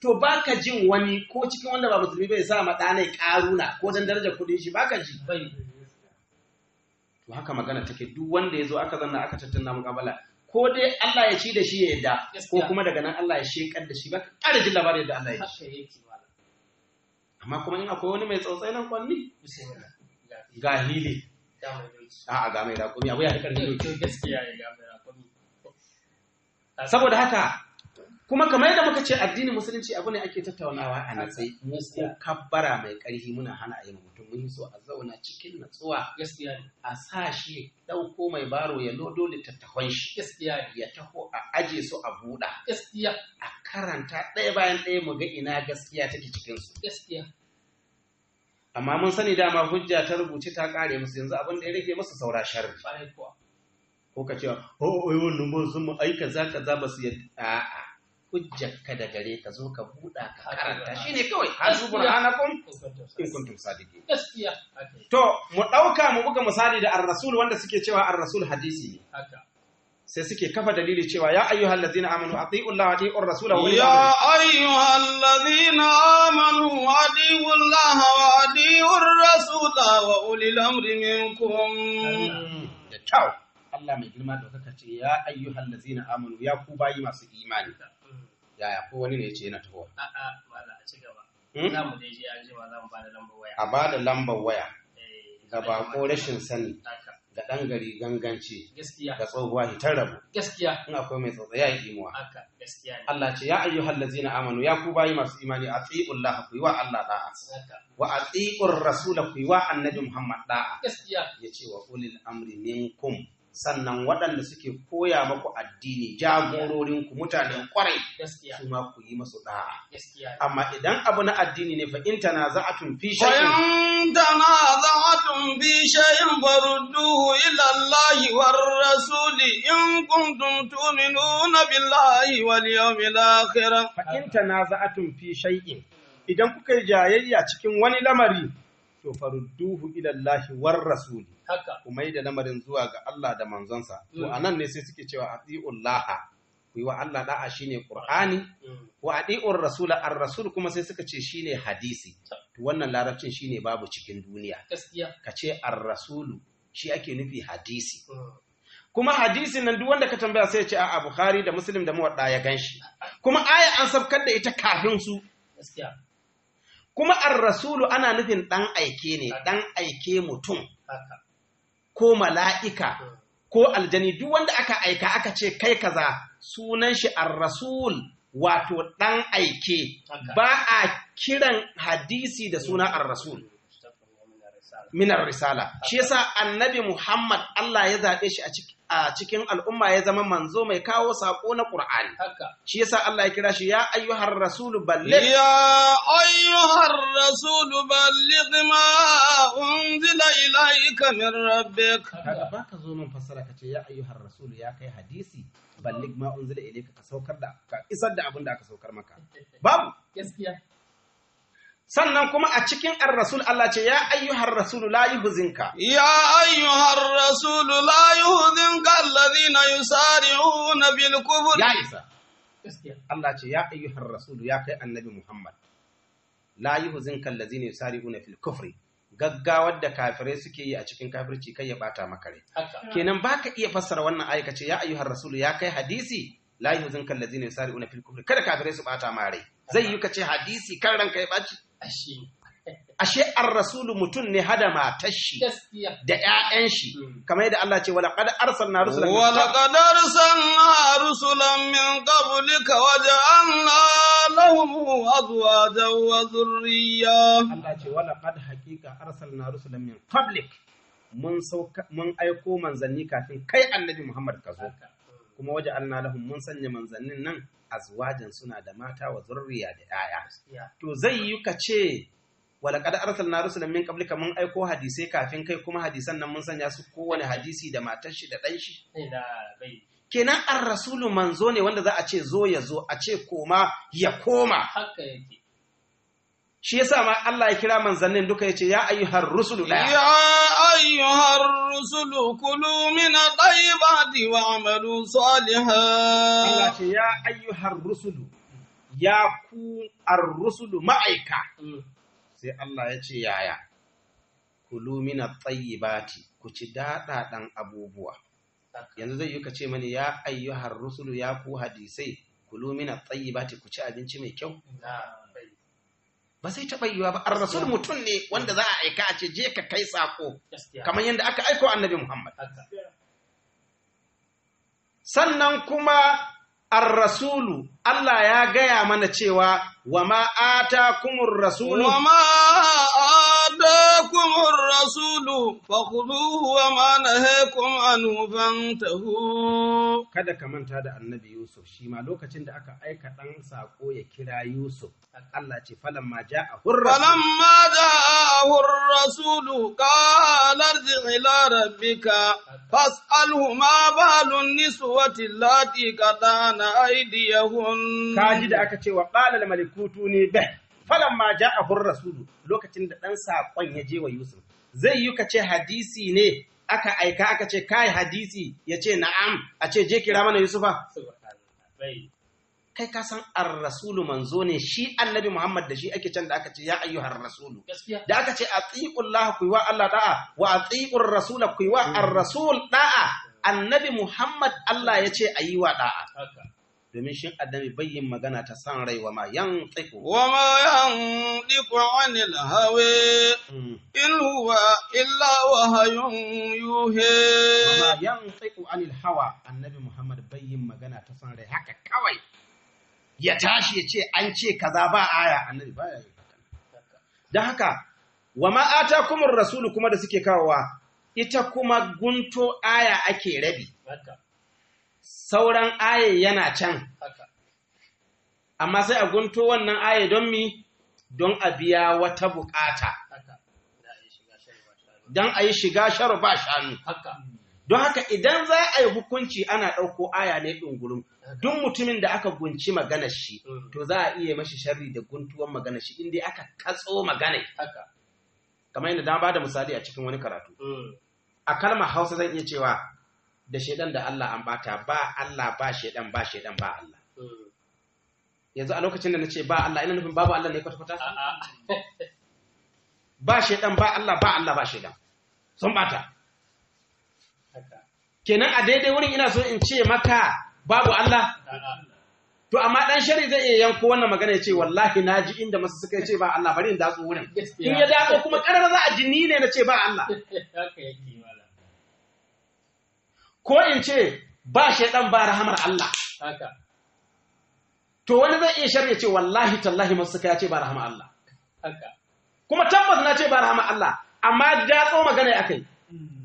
to baka jin wani ko cikin wanda ba musulmi bai sa ma ɗanai karuna ko dan darajar kuɗin shi baka ji to haka magana take duk wanda ya zo aka zanna aka tattauna mukabala ko dai Allah ya ci da shi ya yadda ko kuma daga nan Allah ya shekar da shi ba ƙara jin labarin yadda Allah ya ci amma kuma in akwai wani mai tsautsai nan kwanni ga hili a ga mai raƙumi abu ya fi ƙarfi gaskiya ya ga mai saboda haka kuma kamar yadda muka ce addinin musulunci abu ne ake tattaunawa a natsai mu kabbara mai ƙarfi muna hana a yi mutum mun so a zauna cikin natsuwa gaskiya a sa shi dauko mai baro ya lodo littattafan shi gaskiya ya taho a aje su a buɗa gaskiya a karanta ɗaya bayan ɗaya mu ga ina gaskiya take cikin su gaskiya amma mun sani dama hujja ta rubuce ta ƙare musu yanzu abin da ya rage musu saura sharri ko ka cewa oh oi wannan manzon mu aika kaza kaza ba su yadda a'a ka da gare ka zo ka buɗa ka karanta shi ne kawai hazu burhanakum in kuntum sadiqin gaskiya to mu ɗauka mu buga misali da ar-rasul wanda suke cewa ar-rasul hadisi ne sai suke kafa dalili cewa ya ayyuhal ladzina amanu atiiu Allah wa atiiu ar-rasul wa ya ayyuhal ladzina amanu atiiu Allah wa atiiu ar-rasul wa ulil amri minkum mm. da Allah mai girma da kaka ce ya ayyu ladzina amanu ya ku bayi masu imani yaya ko wani ne yace yana tahowa a a mala a cigaba. Hmm? za mu dai je an jima za mu bada lambar waya a bada lambar waya eh, ga bako rashin sani ga ɗan gari ganganci ga tsohuwa hitar rabu gaskiya in akwai mai tsotsa ya yi imuwa Allah ce ya ayyu hallazina amanu ya ku bayi masu imani a tsiƙun laha ku yi wa Allah da'a wa a tsiƙun rasula ku yi wa annabi Muhammad da'a ya ce wa ulil amri minkum sannan waɗanda suke koya maku addini jagororinku mutanen kwarai su ma ku yi masu da'a amma idan abu na addini ne fa in tana tun fi shay'in fa tana za'atun fi shay'in farudduhu ilallahi war rasul in kuntum tu'minuna billahi wal yawmil akhir fa in tana fi shay'in idan kuka yi jayayya cikin wani lamari to farudduhu ilallahi war ku mai da lamarin zuwa ga Allah da manzonsa to mm. nan ne sai suke cewa atiullah ku yi wa Allah da'a shine Kur'ani. Mm. wa atiur rasul ar rasul kuma sai suka ce shine hadisi wannan larabcin shine babu cikin duniya ka ce ar rasulu shi ake nufi hadisi mm. kuma hadisi nan duk wanda ka tambaya sai ce a bukhari da muslim da muwadda ya ganshi kuma aya an sabkar da ita kafin su kuma ar-rasulu ana nufin ɗan aike ne ɗan aike mutum ko mala'ika ko aljani duk wanda aka aika aka ce kai kaza sunan shi ar-rasul wato ɗan aike ba a kiran hadisi da suna ar-rasul minar risala shi yasa annabi Muhammad Allah ya zaɓe shi a ciki. a cikin al'umma ya zama manzo mai kawo saƙo na Qur'ani shi yasa Allah ya kira shi ya ayyuhar rasulu balle. ya ayyuhar rasulu balligh ma unzila ilaika min rabbik ba ka zo min fassara kace ya ayyuhar rasulu ya kai hadisi balle ma unzila ilayka ka saukar da ka isar da abin da aka saukar maka babu gaskiya sannan kuma a cikin ar-rasul Allah ce ya ayyuhar rasulu la yuhzinka ya ayyuhar rasul la yuhzinka alladhina yusari'una bil kubur ya isa gaskiya Allah ce ya ayyuhar rasulu ya kai annabi Muhammad la yuhzinka alladhina yusari'una fil kufri gaggawar da kafirai suke yi a cikin kafirci kai ya bata maka rai kenan baka iya fassara wannan ayi ce ya ayyuhar rasulu ya kai hadisi la yuhzinka alladhina yusari'una fil kufri kada kafirai su bata ma rai zai yi kace hadisi kan ranka ya baci ashe ar rasulu mutum ne hada matar shi da ƴaƴan shi hmm. kamar yadda Allah ce wala qad arsalna rusulan wala qad arsalna rusulan min qablika wa ja'alna lahum azwajan wa Allah ce wala qad haqiqa arsalna rusulan min qablik mun sauka mun aiko manzanni kafin kai annabi Muhammad ka zo kuma waje Allah lahum mun sanya manzannin nan azwajin suna da mata wa zurriya da yaya to zai yi ka ce walaqad arsalna rusulan min qablika mun aiko hadisai kafin kai kuma hadisan nan mun sanya su kowane hadisi da matar shi da ɗan shi kenan ar-rasulu manzo ne wanda za a ce zo ya zo a ce koma ya koma haka yake shi yasa ma Allah ya kira manzannin duka yace ya ayyuhar rusulu ya ayyuhar rusulu kulu min at-tayyibati wa'malu salihan Allah ce ya ayyuhar rusulu ya ku ar ma'aika mm. sai Allah ya ce yaya kulu min at-tayyibati ku ci dadadan abubuwa yanzu zai yi ka ce mani ya ayyuhar rusulu ya ku hadisai kulu min at-tayyibati ku ci abinci mai kyau ba sai taɓa yiwa ba ar mutum ne wanda za a aika a ce je ka kai sako kamar yadda aka aiko annabi muhammad sannan kuma arrasulu Allah ya gaya mana cewa wa ma'ata atakumur rasulu wa ma'ata فخذوه وما نهاكم عنه فانتهوا kada ka manta da annabi Yusuf shi ma lokacin da aka aika dan sako ya kira Yusuf Allah ce falan ma ja'a hurra falan ma ja'a rasulu qala arji' ila rabbika fas'alhu ma balu niswati lati qadana aydiyahun kaji da aka ce wa qala al malikutuni bih falan ma ja'a rasulu lokacin da dan sakon ya je wa Yusuf zai yi ka ce hadisi ne aka aika aka ce kai hadisi ya ce na'am a ce je kira mana yusufa kai ka san ar-rasulu manzo ne shi annabi Muhammad da shi ake can da aka ce ya ayyuhar rasulu da aka ce atiqullah ku wa Allah da'a wa atiqur rasula ku wa ar-rasul da'a mm. annabi Muhammad Allah ya ce ayi wa da'a domin shin annabi bai yin magana ta san rai wa ma yan tsiku wa ma yan diku anil hawe hmm. in huwa illa hayun yuhe wa ma yan tsiku anil hawa annabi muhammad bai yin magana ta san rai haka kawai ya tashi ya ce an ce kaza ba aya annabi ba ya yi don haka wa ma kuma rasulu kuma da suke kawowa ita kuma gunto aya ake rabi sauran aye yana can amma sai a gunto wannan aye don mi don a biya wata bukata don a yi shiga sharu ba shanu don haka idan za a yi hukunci ana ɗauko aya ne ɗungurin duk mutumin da aka gunci maganar shi mm. to za a iya mashi sharri da guntuwan maganar shi inda aka katso magana kamar yadda dama ba da misali a cikin wani karatu mm. a kalmar hausa zan iya cewa da shaidan da Allah an bata ba Allah ba shaidan ba shaidan ba Allah hmm. yanzu a lokacin da na ce ba Allah ina nufin babu Allah ne kwata-kwata ba shaidan ba Allah ba Allah ba shaidan sun bata kenan a daidai wurin ina so in ce maka babu Allah to amma dan shari zai iya yanko wannan magana ya ce wallahi na ji inda masu suka ce ba Allah bari in datsu wurin in ya datsu kuma ƙarar za a jini ni ne na ce ba Allah <laughs> ko in ce ba shaidan ba rahamar Allah to wani zai iya shari'a ce wallahi tallahi masu suka ya ce ba rahamar Allah kuma tabbas na ce ba rahamar Allah amma da tso magana ya kai. Mm,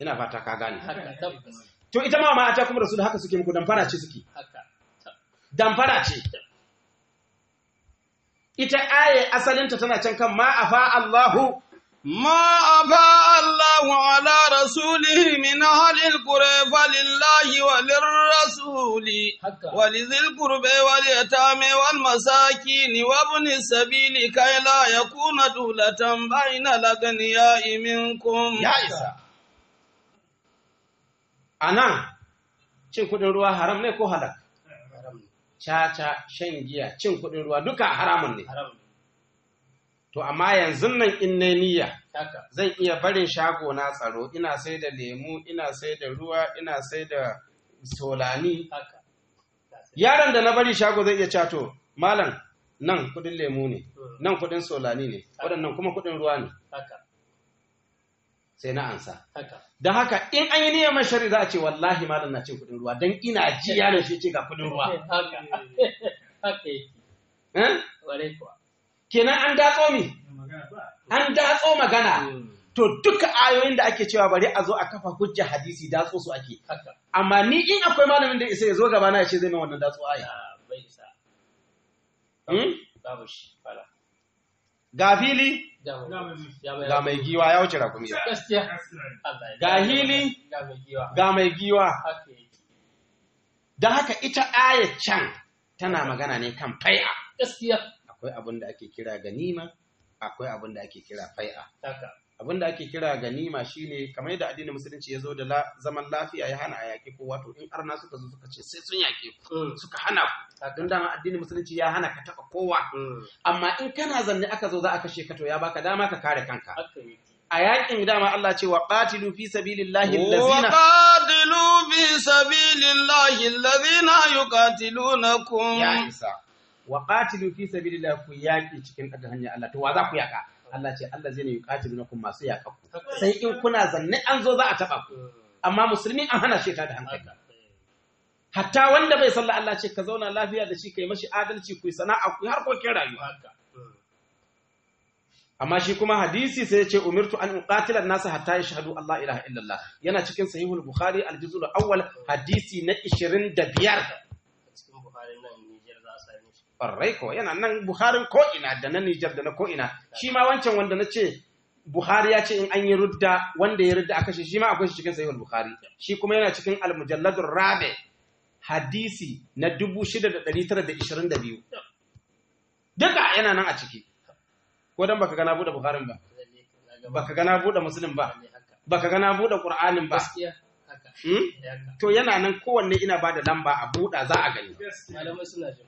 ina fata ka gane to ita ma mata kuma da haka suke muku damfara ce suke damfara ce ita aye asalinta tana can kan ma Allahu ما أفاء الله على رسوله من أهل القرى فلله وللرسول ولذي القربى واليتامى والمساكين وابن السبيل كي لا يكون دولة بين الأغنياء منكم يا إسا أنا cin kuɗin ruwa حرام ne ko halak? Caca, shan giya, cin kuɗin ruwa duka haramun ne. To amma yanzu nan in na niyya zan iya barin shago na tsaro ina sai da lemu ina sai da ruwa ina sai da solani. Yaron da na bari shago zai iya cato malam nan kudin lemu ne nan kudin solani ne waɗannan kuma kudin ruwa ne. sai na ansa. Don haka in an yi niyyar mashari za a ce wallahi malam na cin kuɗin ruwa don ina ji yaron shi ce ga kuɗin ruwa. <laughs> kenan an datso mi an datso magana to duka ayoyin da ake cewa bari a zo a kafa hujja hadisi datso su ake amma ni in akwai malamin da isa ya zo gaba na ya ce zai mai wannan datso aya ah, hmm? ga fili ga mai giwa ya wuce rakumi ga hili ga mai giwa don haka ita aya can tana magana ne kan fai'a gaskiya akwai abin da ake kira ganima akwai abin da ake kira fai'a abin da ake kira ganima shine kamar yadda addinin musulunci ya zo da zaman lafiya ya hana a yaƙi ko wato in arna suka zo suka ce sai sun yaƙi hmm. suka hana ku don dama addinin musulunci ya hana ka taɓa kowa hmm. amma in kana zanne aka zo za a kashe ka to ya baka dama ka kare kanka a yaƙin dama Allah ce wa qatilu fi sabilillahi allazina qatilu fi sabilillahi allazina yuqatilunakum ya isa wa qatilu fi sabilillah ku yaki cikin daga hanyar Allah to wa za ku yaka Allah ce Allah zai ne yuqatilunakum masu yaka ku sai in kuna zanne an zo za a taba ku amma musulmi an hana shi ta da hankali hatta wanda bai salla Allah ce ka zauna lafiya da shi kai mashi adalci ku sana'a ku harkokin rayuwa amma shi kuma hadisi sai ya ce umirtu an uqatila nasa hatta yashhadu Allah ilaha illallah yana cikin sahihul bukhari aljuzul awwal hadisi na 25 ƙwarai ko yana nan buharin ko'ina da na nijar da na ko'ina shi ma wancan wanda na ce buhari ya ce in an yi rudda wanda ya rudda aka shi shi ma akwai shi cikin sayuwar buhari shi kuma yana cikin almujalladur rabe hadisi na 6922 duka yana nan a ciki ko dan baka gana bude buharin ba baka gana bude muslim ba baka gana bude qur'anin ba hmm? to yana nan kowanne ina ba da lamba a buɗa za a gani malamai suna jin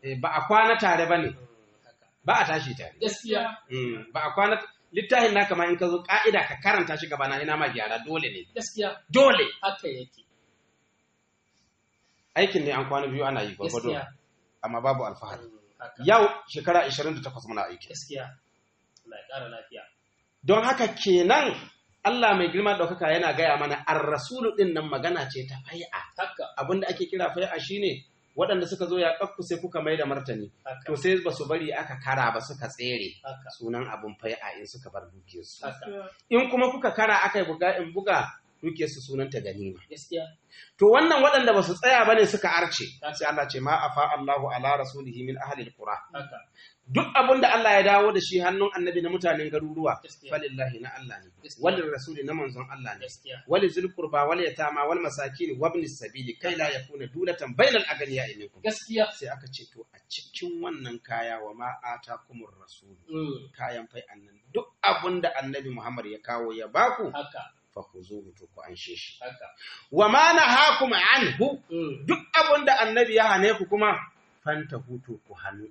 Eh, ba a kwana tare ba ne ba a tashi tare gaskiya hmm, ba a kwana littafin na kama in ka zo ka'ida ka karanta shi gaba na ina ma gyara dole ne gaskiya dole haka yake aikin ne an kwana biyu ana yi gwagwado amma babu alfahari hmm, yau shekara 28 muna aiki gaskiya Allah ya ƙara lafiya don haka kenan Allah mai girma ɗaukaka yana gaya mana ar rasulu din nan magana ce ta fai'a abinda ake kira fai'a shine waɗanda suka zo ya ƙafku sai kuka mai da martani to sai ba su bari aka kara ba suka tsere sunan abun fai'a in suka bar dukiyarsu in kuma kuka kara aka buga in buga dukiyarsu gani ganima to wannan waɗanda ba su tsaya bane suka arce sai Allah ce ma afa Allahu ala rasulihi min ahli alqura duk abin da Allah ya dawo da shi hannun annabi na mutanen garuruwa falillahi na Allah ne walil rasuli na manzon Allah ne walil zul qurba wal yatama wal masakin wa ibn sabili kai la yakuna dulatan bainal aganiya minkum gaskiya sai aka ce to a cikin wannan kaya wa ma atakumur rasul mm. kayan fai annan duk abin da annabi Muhammad ya kawo ya baku haka fakuzuhu to ku anshe shi wa ma nahakum anhu mm. duk abin da annabi ya hane ku kuma fanta hutu ku hannu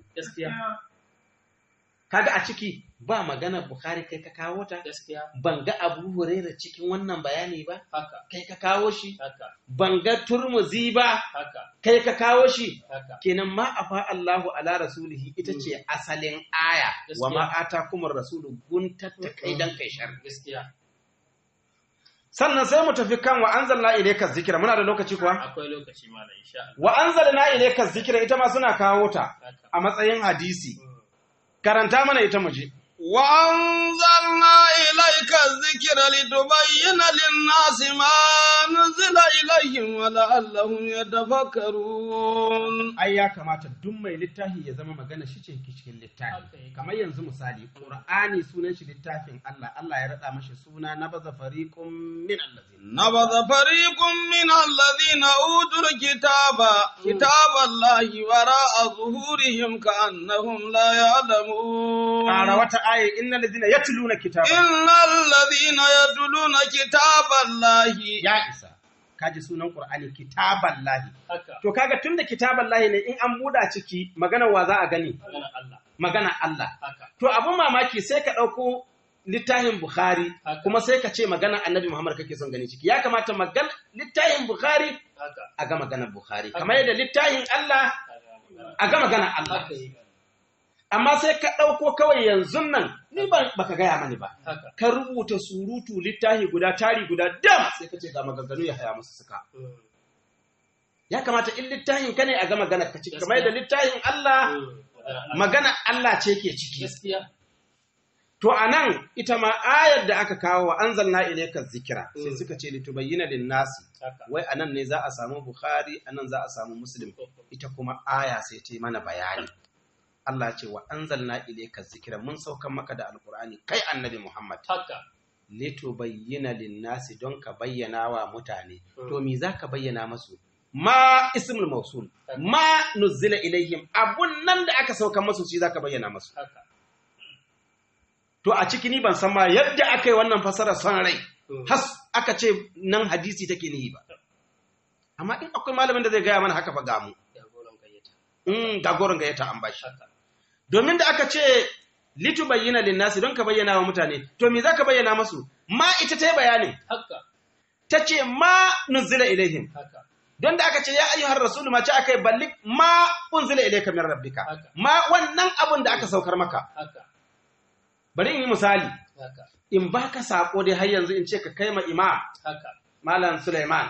kaga a ciki ba magana bukhari kai ka kawo ta gaskiya ban ga abu da cikin wannan bayani ba haka kai ka kawo shi haka ban ga turmuzi ba haka kai ka kawo shi haka kenan ma afa Allahu ala rasulihi ita ce mm. asalin aya wa ma kuma rasulu gun tattakai dan kai shar gaskiya sannan sai mu tafi kan wa anzalna ilayka zikra muna da lokaci kuwa akwai lokaci malam insha Allah wa anzalna ilayka zikra ita ma suna kawo ta a matsayin hadisi mm. karanta mana ita mace wa عليك الذكر لتبين للناس ما نزل إليهم ولعلهم يتفكرون ai ya kamata duk mai littafi ya zama magana shi ce cikin littafi kamar yanzu misali qur'ani sunan shi littafin Allah Allah ya rada mashi suna nabaza fariqum min allazina nabaza fariqum min allazina utul kitaba hmm. kitaballahi wara'a zuhurihim ka'annahum la ya'lamun ara wata aya innal ladzina yatluna kitaba الذين يدلون كتاب الله يا إسا kaji sunan Qur'ani kitaban lahi. To kaga tun da kitaban lahi ne in an buda ciki magana wa za a gani? Magana Allah. To abun mamaki sai ka ɗauko littafin Bukhari kuma sai ka ce magana Annabi Muhammad kake son gani ciki. Ya kamata magana littafin Bukhari a ga magana Bukhari. Kamar yadda littafin Allah a ga magana Allah. amma sai ka ɗauko kawai yanzu nan ni ba ka gaya mani ba ka rubuta surutu littafi guda tari guda dam sai ka ce ga maganganu ya haya musu suka hmm. ya kamata in littafin ka ne a ga magana ka ci kamar da littafin Allah hmm. magana Allah ce ke ciki to anan ita ma ayar da aka kawo wa anzalna ilayka zikira sai hmm. suka ce litubayyana lin-nasi wai anan ne za a samu bukhari anan za a samu muslim ita kuma aya sai ta yi mana bayani Allah ce wa anzalna ilayka zikira mun saukan maka da alqur'ani kai annabi Muhammad haka bayyana linnasi don ka bayyana wa mutane hmm. to me zaka bayyana masu ma ismul mausul ma nuzila ilayhim abun nan da aka saukan masu shi zaka bayyana masu to a ciki ni ban san ma yadda aka yi wannan fasara son rai hmm. has aka ce nan hadisi take nihi ba amma in akwai malamin da zai gaya mana haka fa gamu in hmm, gayyata an bashi domin da aka ce litu bayyana linnasi don ka bayyana wa mutane to me zaka bayyana masu ma ita ta bayanin haka ta ce ma nuzila ilaihim don da aka ce ya har rasulu ma ce aka yi ballik ma unzila ilaika min rabbika ma wannan abun da aka saukar maka bari in yi misali in baka sako dai har yanzu in ce ka kai ma ima malam Suleiman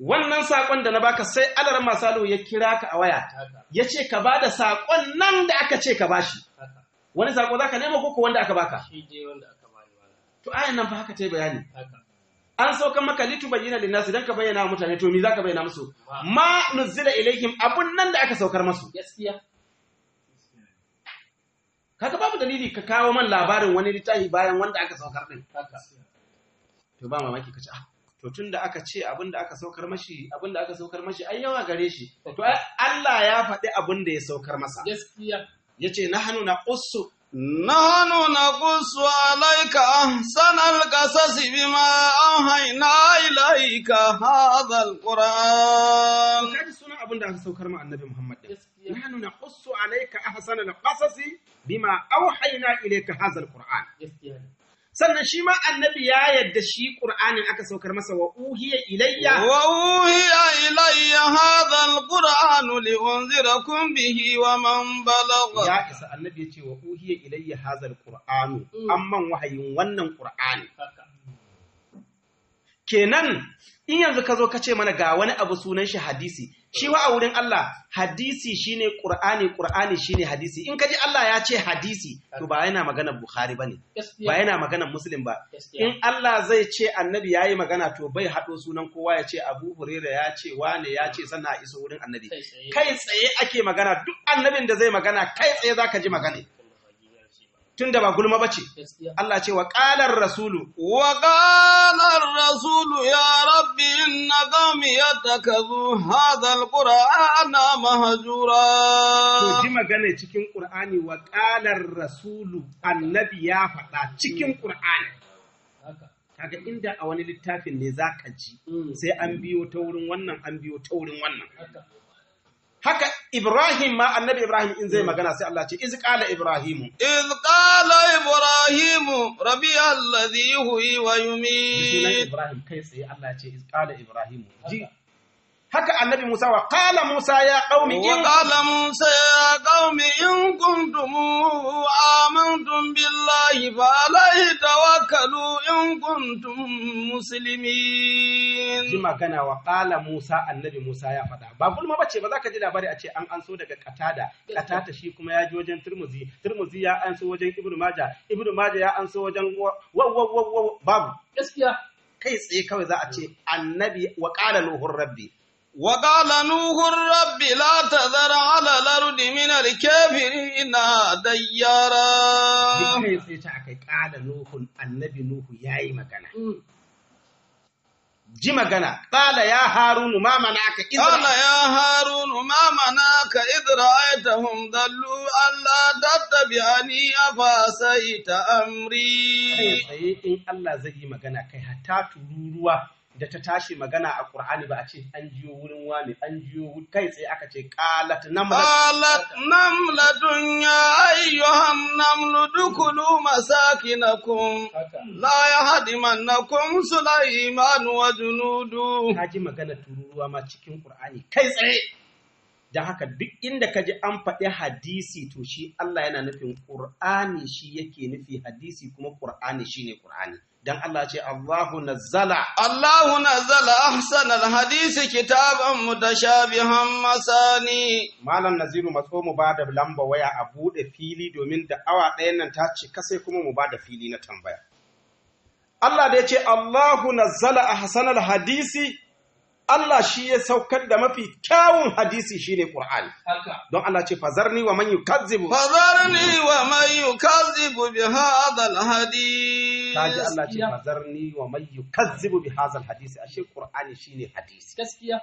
wannan saƙon da na baka sai alar masalo ya kira ka a waya ya ce ka ba da saƙon nan da aka ce ka bashi wani saƙo za ka nema ko wanda aka baka to ayan nan fa haka ta yi bayani an so kan maka litu bayyana lin nasu dan ka bayyana mutane to mi za ka bayyana musu ma nuzila ilaihim abun nan da aka saukar musu gaskiya kaga babu dalili ka kawo man labarin wani littafi bayan wanda aka saukar din to ba mamaki ka ci ah to tun da aka ce abin da aka saukar mashi abin da aka saukar mashi an yawa gare shi to Allah ya faɗi abin da ya saukar masa gaskiya yace nahnu naqussu nahnu naqussu alayka ahsanal qasas bima awhayna ilayka hadha alquran kaji sunan abin da aka saukar ma annabi Muhammad din nahnu naqussu alayka ahsanal qasas bima awhayna ilayka hadha alquran gaskiya sannan shi ma annabi ya yadda shi qur'anin aka saukar masa wa uhiya ilayya wa uhiya ilayya hadha alquran li unzirakum bihi wa man balagha ya isa annabi yace wa uhiya ilayya hadha alquran mm. amman wahayin wannan qur'ani kenan in yanzu ka zo ka ce mana ga wani abu sunan shi hadisi shi wa a wurin Allah hadisi shine qur'ani qur'ani shine hadisi in kaji Allah ya ce hadisi to ba yana magana bukhari ba ne, ba yana magana muslim ba in Allah zai ce annabi ya yi magana to bai haɗo sunan kowa ya ce abu huraira ya ce wane ya ce sannan a iso wurin annabi kai tsaye ake magana duk annabin da zai magana kai tsaye zaka ji magana Tun da ba gulma ba ce, Allah ce wa ƙalar rasulu wa ƙalar rasulu ya rabbi inna qawmi yattakazu hadha alqur'ana mahajura. to ji magana cikin ƙur'ani wa ƙalar rasulu annabi ya faɗa cikin ƙur'ani kaga inda a wani littafin ne za ka ji mm. sai an biyo ta wurin wannan an biyo ta wurin wannan haka Ibrahim ma annabi Ibrahim in zai magana sai Allah ce iz qala Ibrahimu iz qala Ibrahimu rabbi alladhi yuhyi wa yumiit Ibrahim kai sai Allah ce iz qala Ibrahimu haka annabi Musa wa qala Musa ya qaumi in qala Musa ya qaumi in kuntum amantum billahi fa alayhi tawakkalu in kuntum muslimin ji magana wa qala Musa annabi Musa ya faɗa ba gulma bace ba za ka ji labari a ce an anso daga katada katata shi kuma ya ji wajen Turmuzi Turmuzi ya anso wajen Ibn Majah Ibn Majah ya anso wajen babu gaskiya kai tsaye kawai za a ce annabi wa qala lahu rabbi وقال نوح رب لا تذر على الأرض من الكافرين ديارا قال نوح النبي نوح ياي مكانا ji magana qala ya harunu ma manaka idra qala ya harunu ma manaka idra aytahum dallu alla tattabi'ani afa saita amri tsaye in Allah zai yi magana kai hatta tururuwa da ta tashi magana a Qur'ani ba a ce an jiyo wurin wani an jiyo kai tsaye aka ce qalat namla qalat dunya ayyuhan namlu dukulu masakinakum la yahdimannakum sulaiman wa junudu kaji magana tururuwa ma cikin Qur'ani kai tsaye Da haka duk inda ka ji an faɗi hadisi to shi Allah yana nufin Qur'ani shi yake nufi hadisi kuma Qur'ani shine Qur'ani dan Allah ce Allahu nazzala Allahu nazzala ahsanal hadisi kitaban mutashabihan masani Malam Naziru matso mu ba da lamba waya a bude fili domin da awa ɗayan nan ta ce, sai kuma mu ba da fili na tambaya Allah da ya ce Allahu nazzala ahsanal hadisi Allah shi ya saukar da mafi kyawun hadisi shine Qur'ani don Allah ce fazarni wa man yukazzibu fazarni wa man yukazzibu bi hadhal hadis kaji Allah ce fazarni wa man yukazzibu bi hadhal hadis ashe Qur'ani shine hadisi gaskiya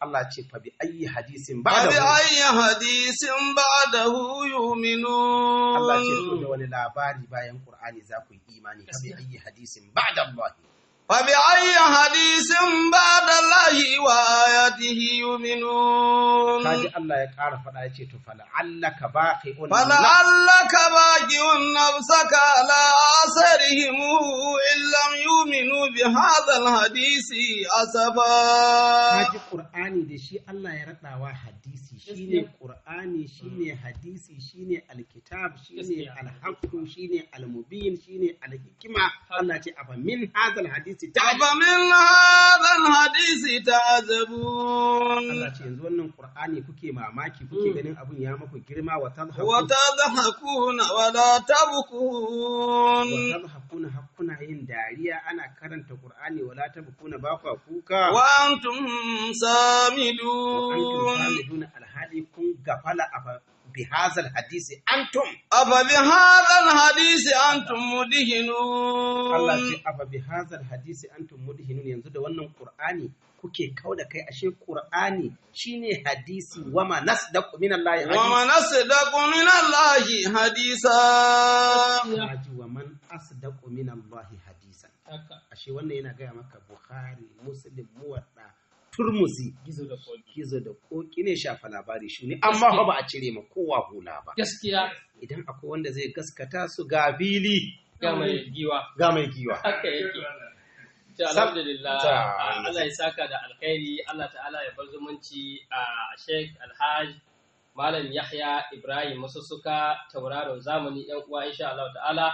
Allah ce fa bi ayi hadisin ba da bi ayi hadisin ba da yu'minun Allah ce da wani labari bayan Qur'ani za ku yi imani fa bi ayi hadisin ba da Allah bi ayya hadisin ba da lahi wa ya ti yi minu. Kaji Allah ya ƙara faɗa ya ce to fala Allah ka ba ki unna. Fala Allah ka ba ki unna yi minu bi hazal hadisi a safa. Kaji Kur'ani da shi Allah ya raɗawa hadisi. shine qur'ani shine mm. hadisi shine alkitab shine alhaqu shine almubin shine alhikima Allah ce afa min hadal hadisi ta afa min hadal hadisi ta'zabun Allah ce yanzu wannan qur'ani kuke mamaki kuke mm. ganin abun ya muku girma wa tadhakuna wa tadhakuna wa la tabkun wa tadhakuna yin dariya ana karanta Qur'ani wala tabkuna ba kwa kuka wa antum samidun samidun alhadi kun gafala a bihazal hadisi antum afa bihazal hadisi antum mudhinun Allah ce afa bihazal hadisi antum mudhinun yanzu da wannan Qur'ani kuke kauda kai ashe qur'ani shine hadisi wama nasdaqu min allahi wama nasdaqu min allahi hadisa yaji wa man asdaqu min allahi ashe wannan yana gaya maka bukhari muslim muwadda turmuzi gizo da koki ne shafa labari shi ne amma ba a cire ma kowa hula ba gaskiya idan akwai wanda zai gaskata su ga fili ga mai giwa ga mai giwa haka yake alhamdulillah Allah ya saka da alkhairi Allah ta'ala ya bar zumunci a Sheikh Alhaj Malam Yahya Ibrahim Masussuka tauraron zamani yan uwa insha Allah ta'ala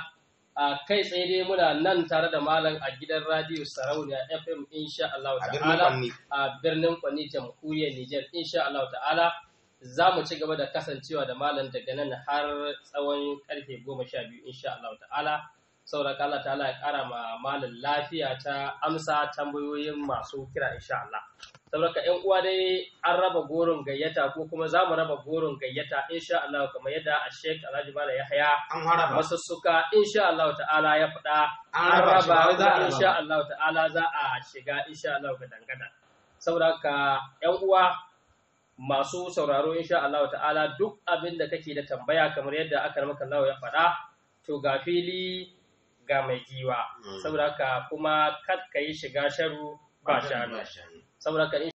a kai tsaye dai muna nan tare da malam a gidan radio sarauniya FM insha Allah ta'ala a birnin Kwani jamhuriyar Niger insha Allah ta'ala za mu ci gaba da kasancewa da malam daga nan har tsawon karfe goma sha biyu insha Allah ta'ala saboda Allah ta'ala ya kara ma malin lafiya ta amsa tambayoyin masu kira insha Allah saboda ƴan uwa dai an raba goron gayyata ko kuma za mu raba goron gayyata insha Allah kamar yadda a Sheikh Alhaji Bala Yahya an raba suka insha Allah ta'ala ya faɗa an raba insha Allah ta'ala za a shiga insha Allah ga dangada saboda ka ƴan uwa masu sauraro insha Allah ta'ala duk abin da kake da tambaya kamar yadda aka maka Allah ya faɗa to ga fili ga mai giwa mm. saboda haka kuma kat ka yi shiga sharu ba shanu saboda haka